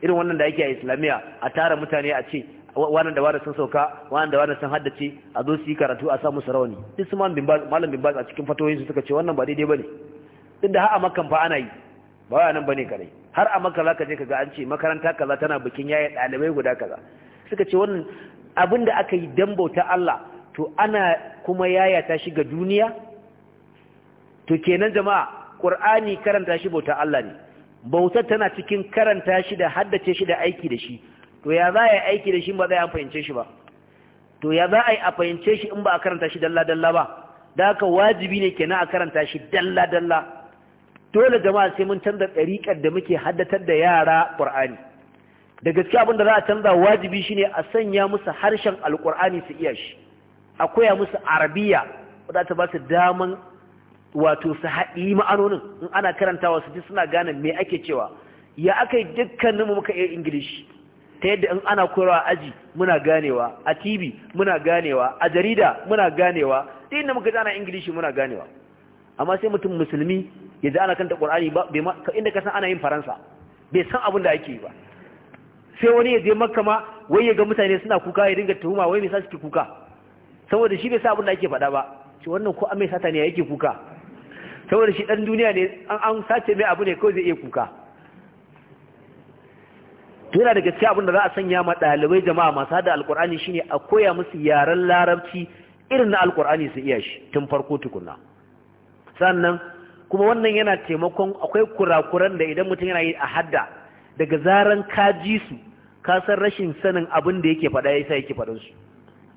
irin wannan da ake a islamiyya a tara mutane a ce wannan da wannan sun sauka wannan da wannan sun haddace a zo su yi karatu a samu sarawani duk su malam bin baz a cikin su suka ce wannan ba daidai bane duk da har a makan fa ana yi ba wai nan bane kare har a makka zaka je kaga an ce makaranta kaza tana bikin yaye dalibai guda kaza suka ce wannan abin da aka yi dan bauta Allah to ana kuma yaya ta ga duniya to kenan jama'a Qur'ani karanta shi bauta Allah ne bautar tana cikin karanta shi da haddace shi da aiki da shi to ya za a yi aiki da shi ba zai a shi ba to ya za a yi a shi in ba a karanta shi dalla-dalla ba da haka wajibi ne kenan a karanta shi dalla-dalla dole jama'a sai mun canza ɗariƙar da muke haddatar da yara ƙur'ani da gaske abin da za a canza wajibi shine a sanya musu harshen alƙur'ani su iya shi a koya musu arabiya wadda ta ba su daman wato su haɗi ma'anonin in ana karantawa su ji suna gane me ake cewa ya aka yi dukkaninmu muka iya ingilishi ta yadda in ana koyarwa aji muna ganewa a tv muna ganewa a jarida muna ganewa ta yadda muka ana ingilishi muna ganewa amma sai mutum musulmi ya ji ana kanta ƙwarari ba inda ka san ana yin faransa bai san abin da ake yi ba sai wani ya je Makama wai ya ga mutane suna kuka ya dinga tuhuma wai me sa suke kuka saboda shi bai sa abin da ake faɗa ba shi wannan ko an mai sata ne yake kuka saboda shi ɗan duniya ne an sace mai abu ne kawai zai iya kuka to yana da gaskiya abin da za a sanya ma ɗalibai jama'a masu hada alkur'ani shine a koya musu yaren larabci irin na alkur'ani su iya shi tun farko tukuna sannan kuma wannan yana taimakon akwai kurakuran da idan mutum yana yi a hadda daga zaran ka ji su ka san rashin sanin abin da yake faɗa ya sa yake faɗin su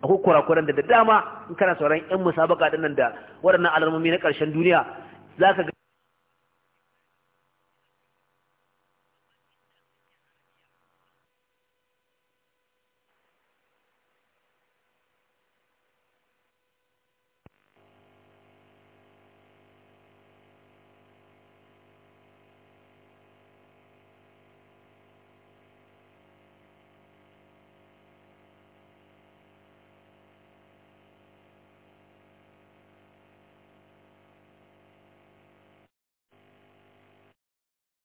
akwai kurakuran da da dama in kana sauran yan musabaka nan da waɗannan alamomi na ƙarshen duniya za ka